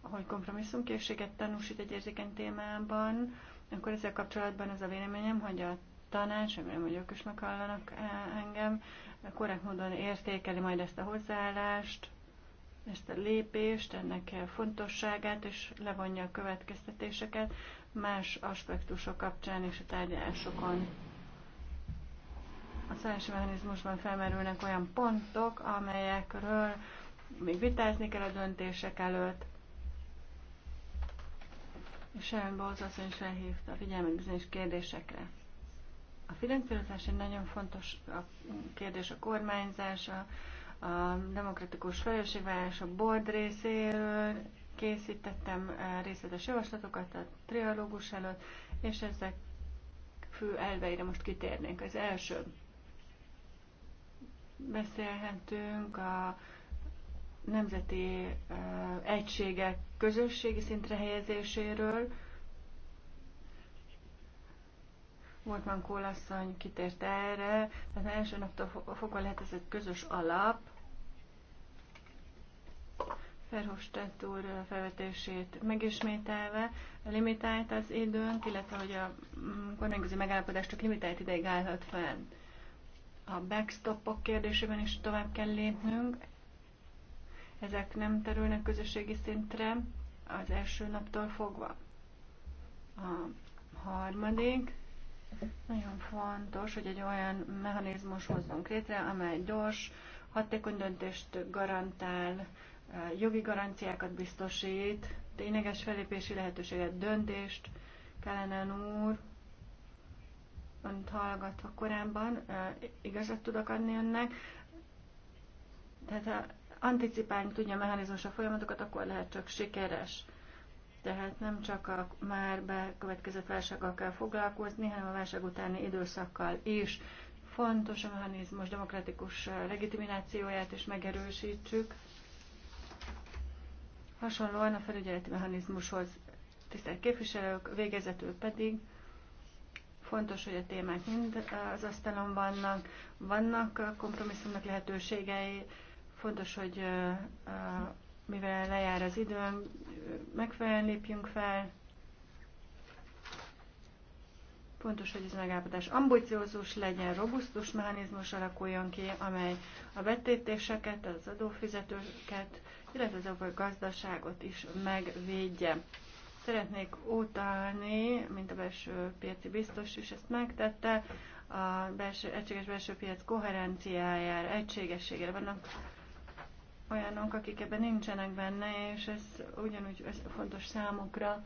hogy kompromisszumkészséget tanúsít egy érzékeny témában, akkor ezzel kapcsolatban az a véleményem, hogy a tanács, remélem, hogy ők is meghallanak e, engem, korrekt módon értékeli majd ezt a hozzáállást, ezt a lépést, ennek fontosságát, és levonja a következtetéseket más aspektusok kapcsán és a tárgyalásokon. A szállási mechanizmusban felmerülnek olyan pontok, amelyekről még vitázni kell a döntések előtt. És Sharon Bowles asszony felhívta a figyelmet bizonyos kérdésekre. A finanszírozás egy nagyon fontos a kérdés, a kormányzás, a, a demokratikus felelősségvállalás a board részéről, készítettem eh, részletes javaslatokat a trialógus előtt, és ezek fő elveire most kitérnénk. Az első, beszélhetünk a nemzeti eh, egységek közösségi szintre helyezéséről, Mortman Kólasszony kitért erre, tehát első naptól fogva lehet ez egy közös alap. Ferhofstadt úr felvetését megismételve limitált az időnk, illetve hogy a mm, kormányközi megállapodás csak limitált ideig állhat fenn. A backstopok -ok kérdésében is tovább kell lépnünk. Ezek nem terülnek közösségi szintre az első naptól fogva. A harmadik, nagyon fontos, hogy egy olyan mechanizmus hozzunk létre, amely gyors, hatékony döntést garantál, eh, jogi garanciákat biztosít, tényleges felépési lehetőséget, döntést kellene úr, önt hallgatva korábban, eh, igazat tudok adni önnek. Tehát ha anticipálni tudja a mechanizmus a folyamatokat, akkor lehet csak sikeres. Tehát nem csak a már bekövetkezett válsággal kell foglalkozni, hanem a válság utáni időszakkal is. Fontos a mechanizmus demokratikus legitimációját is megerősítsük. Hasonlóan a felügyeleti mechanizmushoz tisztelt képviselők, végezetül pedig fontos, hogy a témák mind az asztalon vannak, vannak kompromisszumnak lehetőségei, fontos, hogy mivel lejár az időm, megfelelően lépjünk fel. Pontos, hogy ez megállapodás ambiciózus legyen, robusztus mechanizmus alakuljon ki, amely a betétéseket, az adófizetőket, illetve az a gazdaságot is megvédje. Szeretnék utalni, mint a belső piaci biztos is ezt megtette, a belső, egységes belső piac koherenciájára, egységességére vannak olyanok, akik ebben nincsenek benne, és ez ugyanúgy ez fontos számukra.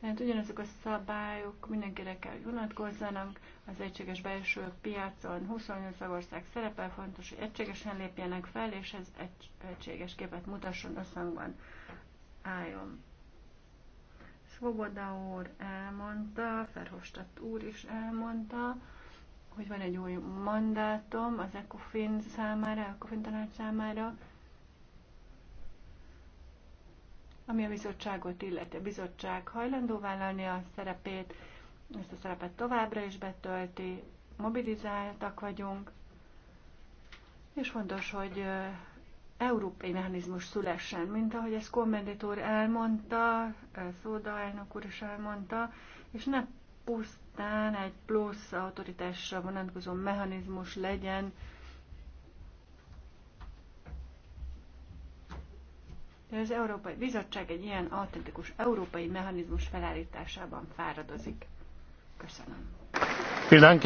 Tehát ugyanazok a szabályok mindenkire kell, hogy vonatkozzanak, az egységes belső piacon 28 ország szerepel, fontos, hogy egységesen lépjenek fel, és ez egy egységes képet mutasson, összhangban álljon. Svoboda úr elmondta, Ferhofstadt úr is elmondta, hogy van egy új mandátum az ECOFIN számára, ECOFIN tanács számára, ami a bizottságot illeti. A bizottság hajlandó vállalni a szerepét, ezt a szerepet továbbra is betölti, mobilizáltak vagyunk, és fontos, hogy európai mechanizmus szülessen, mint ahogy ezt Kommendit elmondta, Szóda elnök úr is elmondta, és ne pusztán egy plusz autoritásra vonatkozó mechanizmus legyen, de az Európai Bizottság egy ilyen autentikus európai mechanizmus felállításában fáradozik. Köszönöm.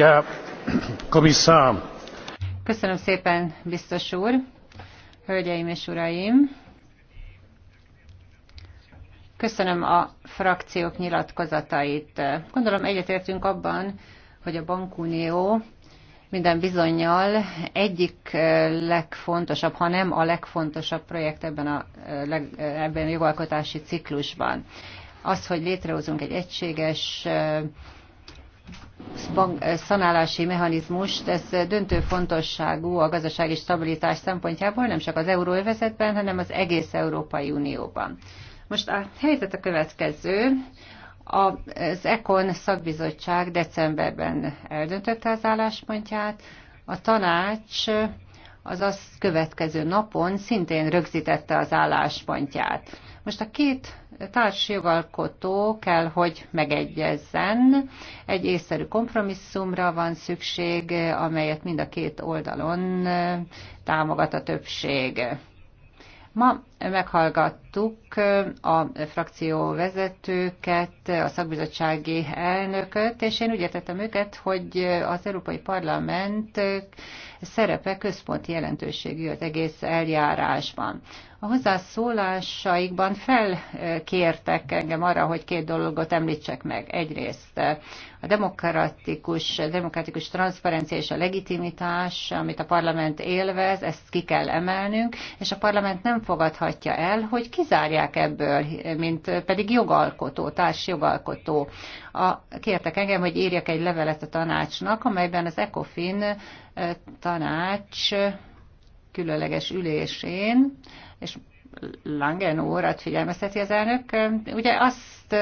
Köszönöm szépen, biztos úr, hölgyeim és uraim! Köszönöm a frakciók nyilatkozatait. Gondolom egyetértünk abban, hogy a bankunió minden bizonyal egyik eh, legfontosabb, ha nem a legfontosabb projekt ebben a, eh, eh, ebben a jogalkotási ciklusban. Az, hogy létrehozunk egy egységes szanálási mechanizmust, ez döntő fontosságú a gazdasági stabilitás szempontjából, nem csak az euróövezetben, hanem az egész Európai Unióban. Most a helyzet a következő. Az ECON szakbizottság decemberben eldöntötte az álláspontját, a tanács az az következő napon szintén rögzítette az álláspontját. Most a két társjogalkotó kell, hogy megegyezzen. Egy észszerű kompromisszumra van szükség, amelyet mind a két oldalon támogat a többség. Ma meghallgattuk a frakció vezetőket, a szakbizottsági elnököt, és én úgy értettem őket, hogy az Európai Parlament szerepe központi jelentőségű az egész eljárásban. A hozzászólásaikban felkértek engem arra, hogy két dolgot említsek meg. Egyrészt a demokratikus, demokratikus transzparencia és a legitimitás, amit a parlament élvez, ezt ki kell emelnünk, és a parlament nem fogadhat mondhatja el, hogy kizárják ebből, mint pedig jogalkotó, társjogalkotó. A, kértek engem, hogy írjak egy levelet a tanácsnak, amelyben az ECOFIN eh, tanács különleges ülésén, és Langen úrat figyelmezteti az elnök. Ugye azt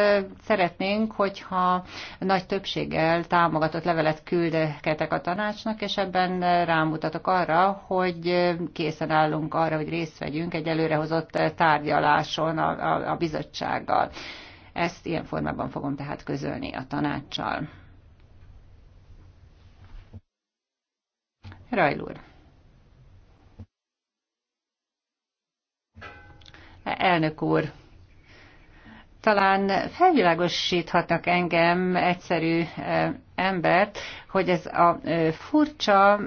szeretnénk, hogyha nagy többséggel támogatott levelet küldeketek a tanácsnak, és ebben rámutatok arra, hogy készen állunk arra, hogy részt vegyünk egy előrehozott tárgyaláson a, a, a bizottsággal. Ezt ilyen formában fogom tehát közölni a tanácssal. Rajlúr. úr. Elnök úr, talán felvilágosíthatnak engem egyszerű embert, hogy ez a furcsa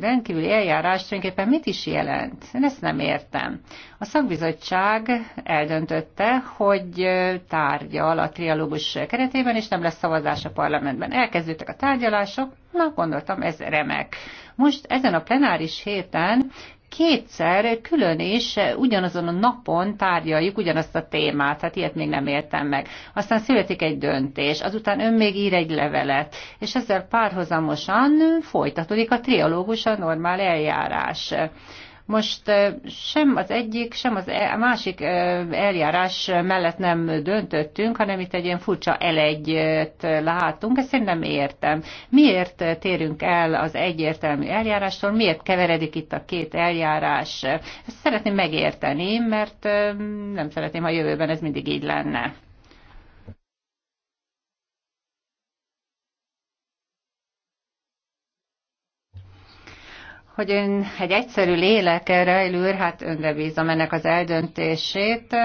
rendkívüli eljárás tulajdonképpen mit is jelent. Én ezt nem értem. A szakbizottság eldöntötte, hogy tárgyal a trialógus keretében, és nem lesz szavazás a parlamentben. Elkezdődtek a tárgyalások, na gondoltam, ez remek. Most ezen a plenáris héten kétszer külön is ugyanazon a napon tárgyaljuk ugyanazt a témát, hát ilyet még nem értem meg. Aztán születik egy döntés, azután ön még ír egy levelet, és ezzel párhuzamosan folytatódik a trialógus, a normál eljárás. Most sem az egyik, sem az e- a másik eljárás mellett nem döntöttünk, hanem itt egy ilyen furcsa elegyet látunk, ezt én nem értem. Miért térünk el az egyértelmű eljárástól, miért keveredik itt a két eljárás? Ezt szeretném megérteni, mert nem szeretném, ha a jövőben ez mindig így lenne. hogy ön egy egyszerű lélek erre hát önre bízom ennek az eldöntését.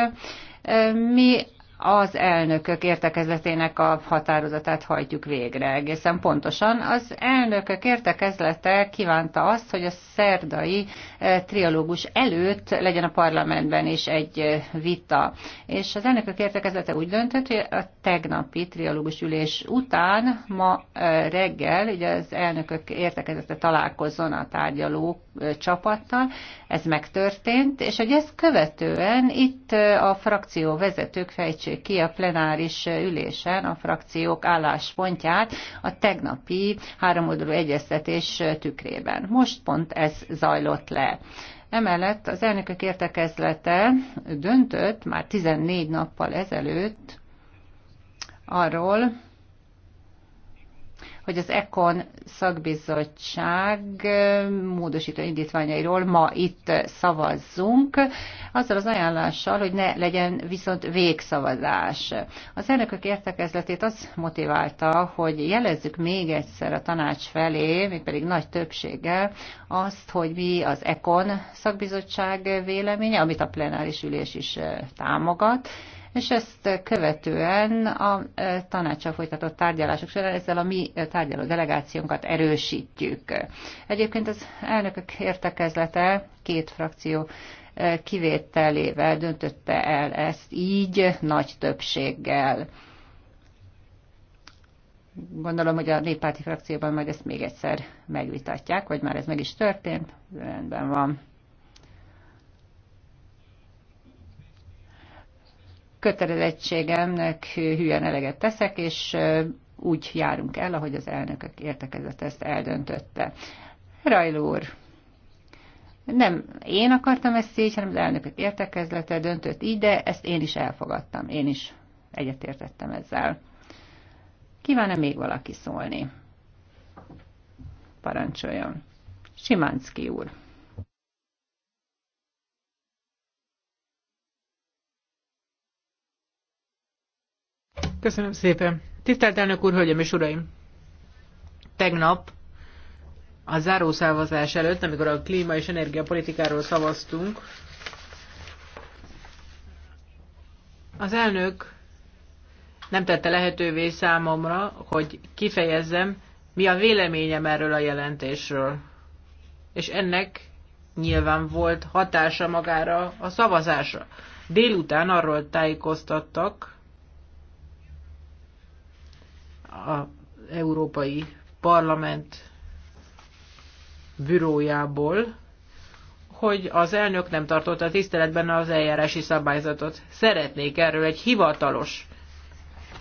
Mi az elnökök értekezletének a határozatát hajtjuk végre egészen pontosan. Az elnökök értekezlete kívánta azt, hogy a szerdai eh, trialógus előtt legyen a parlamentben is egy eh, vita. És az elnökök értekezlete úgy döntött, hogy a tegnapi trialógus ülés után ma eh, reggel ugye az elnökök értekezlete találkozzon a tárgyaló csapattal. Ez megtörtént, és hogy ezt követően itt a frakció vezetők fejtsék fejtsük ki a plenáris ülésen a frakciók álláspontját a tegnapi háromoldalú egyeztetés tükrében. Most pont ez zajlott le. Emellett az elnökök értekezlete döntött már 14 nappal ezelőtt arról, hogy az ECON szakbizottság módosító indítványairól ma itt szavazzunk, azzal az ajánlással, hogy ne legyen viszont végszavazás. Az elnökök értekezletét az motiválta, hogy jelezzük még egyszer a tanács felé, mégpedig nagy többséggel, azt, hogy mi az ECON szakbizottság véleménye, amit a plenáris ülés is eh, támogat, és ezt követően a e, tanácsa folytatott tárgyalások során ezzel a mi e, tárgyaló delegációnkat erősítjük. Egyébként az elnökök értekezlete két frakció e, kivételével döntötte el ezt így nagy többséggel. Gondolom, hogy a néppárti frakcióban majd ezt még egyszer megvitatják, vagy már ez meg is történt, rendben van. kötelezettségemnek hülyen eleget teszek, és úgy járunk el, ahogy az elnökök értekezett ezt eldöntötte. Rajló úr, nem én akartam ezt így, hanem az elnökök értekezlete döntött így, de ezt én is elfogadtam. Én is egyetértettem ezzel. Kíván-e még valaki szólni? Parancsoljon. Simánszki úr. Köszönöm szépen. Tisztelt elnök úr, hölgyem és uraim! Tegnap a zárószavazás előtt, amikor a klíma és energiapolitikáról szavaztunk, az elnök nem tette lehetővé számomra, hogy kifejezzem, mi a véleményem erről a jelentésről. És ennek nyilván volt hatása magára a szavazásra. Délután arról tájékoztattak, a Európai Parlament bürójából, hogy az elnök nem tartotta a tiszteletben az eljárási szabályzatot. Szeretnék erről egy hivatalos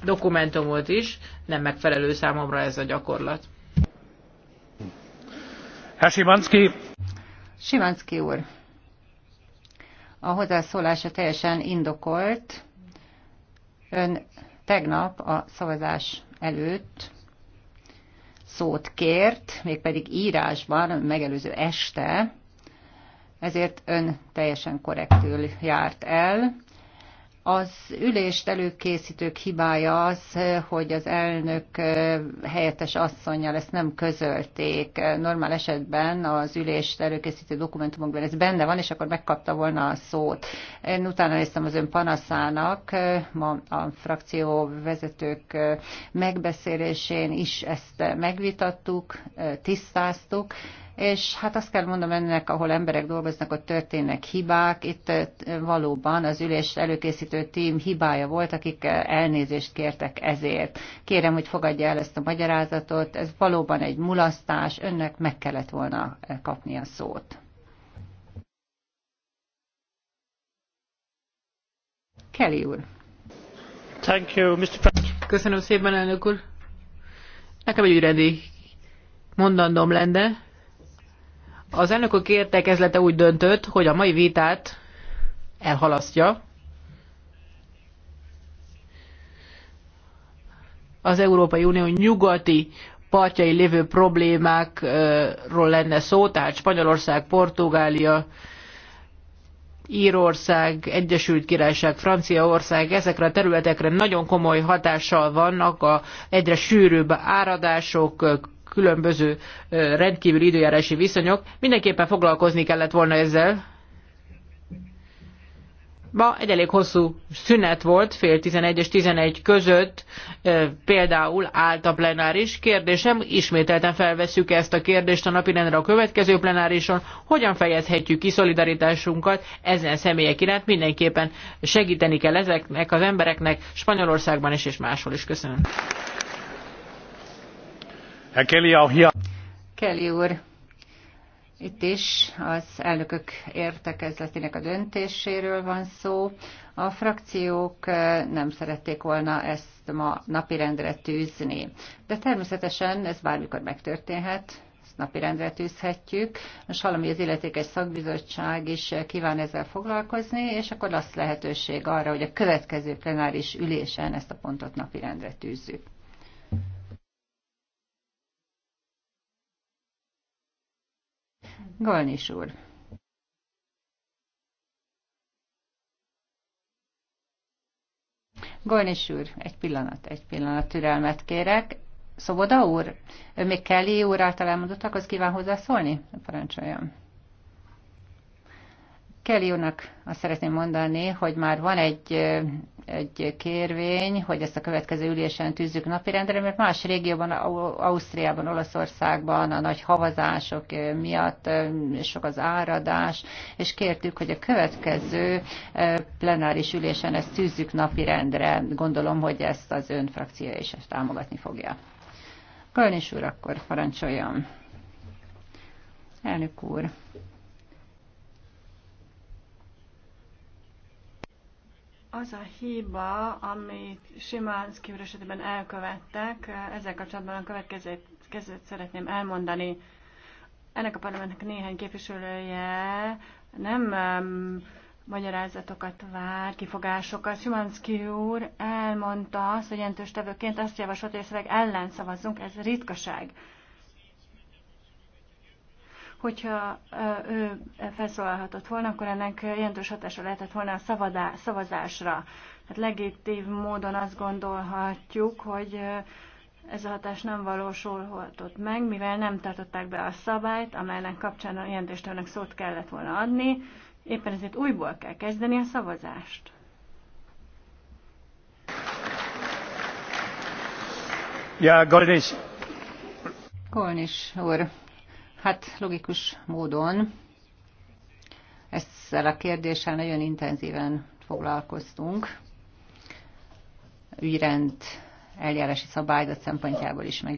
dokumentumot is, nem megfelelő számomra ez a gyakorlat. Herr Simanski. Simanski úr, a hozzászólása teljesen indokolt. Ön tegnap a szavazás előtt szót kért, mégpedig írásban, megelőző este, ezért ön teljesen korrektül járt el. Az ülést előkészítők hibája az, hogy az elnök helyettes asszonynal ezt nem közölték. Normál esetben az ülést előkészítő dokumentumokban ez benne van, és akkor megkapta volna a szót. Én utána néztem az ön panaszának, ma a frakció vezetők megbeszélésén is ezt megvitattuk, tisztáztuk, és hát azt kell mondom ennek, ahol emberek dolgoznak, ott történnek hibák. Itt eh, valóban az ülés előkészítő tím hibája volt, akik eh, elnézést kértek ezért. Kérem, hogy fogadja el ezt a magyarázatot. Ez valóban egy mulasztás, önnek meg kellett volna eh, kapni a szót. Kelly úr. Thank you, Mr. Frank. Köszönöm szépen, elnök úr. Nekem egy üredi mondandóm lenne. Az elnökök értekezlete úgy döntött, hogy a mai vitát elhalasztja. Az Európai Unió nyugati partjai lévő problémákról lenne szó, tehát Spanyolország, Portugália, Írország, Egyesült Királyság, Franciaország, ezekre a területekre nagyon komoly hatással vannak a egyre sűrűbb áradások, különböző rendkívül időjárási viszonyok. Mindenképpen foglalkozni kellett volna ezzel. Ma egy elég hosszú szünet volt, fél 11 és 11 között például állt a plenáris. Kérdésem, ismételten felveszük ezt a kérdést a napirendre a következő plenárison, hogyan fejezhetjük ki szolidaritásunkat ezen személyek iránt. Mindenképpen segíteni kell ezeknek az embereknek Spanyolországban is és máshol is. Köszönöm. Herr Kelly, auch hier. Kelly úr, itt is az elnökök értekezletének a döntéséről van szó. A frakciók nem szerették volna ezt ma napirendre tűzni. De természetesen ez bármikor megtörténhet, ezt napirendre tűzhetjük. Most valami az illetékes szakbizottság is kíván ezzel foglalkozni, és akkor lesz lehetőség arra, hogy a következő plenáris ülésen ezt a pontot napirendre tűzzük. Galnis úr. Golnis úr, egy pillanat, egy pillanat, türelmet kérek. Szoboda úr, ön még Kelly úr által elmondottak, az kíván hozzászólni? Parancsoljon. Kelly úrnak azt szeretném mondani, hogy már van egy egy kérvény, hogy ezt a következő ülésen tűzzük napirendre, mert más régióban, Ausztriában, Olaszországban a nagy havazások miatt sok az áradás, és kértük, hogy a következő plenáris ülésen ezt tűzzük napirendre. Gondolom, hogy ezt az ön frakciója is ezt támogatni fogja. Kölnis úr, akkor parancsoljam. Elnök úr, Az a hiba, amit simán úr esetében elkövettek, ezzel kapcsolatban a következőt szeretném elmondani. Ennek a parlamentnek néhány képviselője nem um, magyarázatokat vár, kifogásokat. Simanski úr elmondta azt, hogy jelentős tevőként azt javasolt, hogy a szöveg ellen szavazzunk, ez ritkaság. Hogyha ő felszólalhatott volna, akkor ennek jelentős hatása lehetett volna a szavadá, szavazásra. Hát legitív módon azt gondolhatjuk, hogy ez a hatás nem valósulhatott meg, mivel nem tartották be a szabályt, amelynek kapcsán a jelentéstőnek szót kellett volna adni, éppen ezért újból kell kezdeni a szavazást. Ja, Gornis. Gornis úr, Hát logikus módon ezzel a kérdéssel nagyon intenzíven foglalkoztunk. Ügyrend eljárási szabályzat szempontjából is meg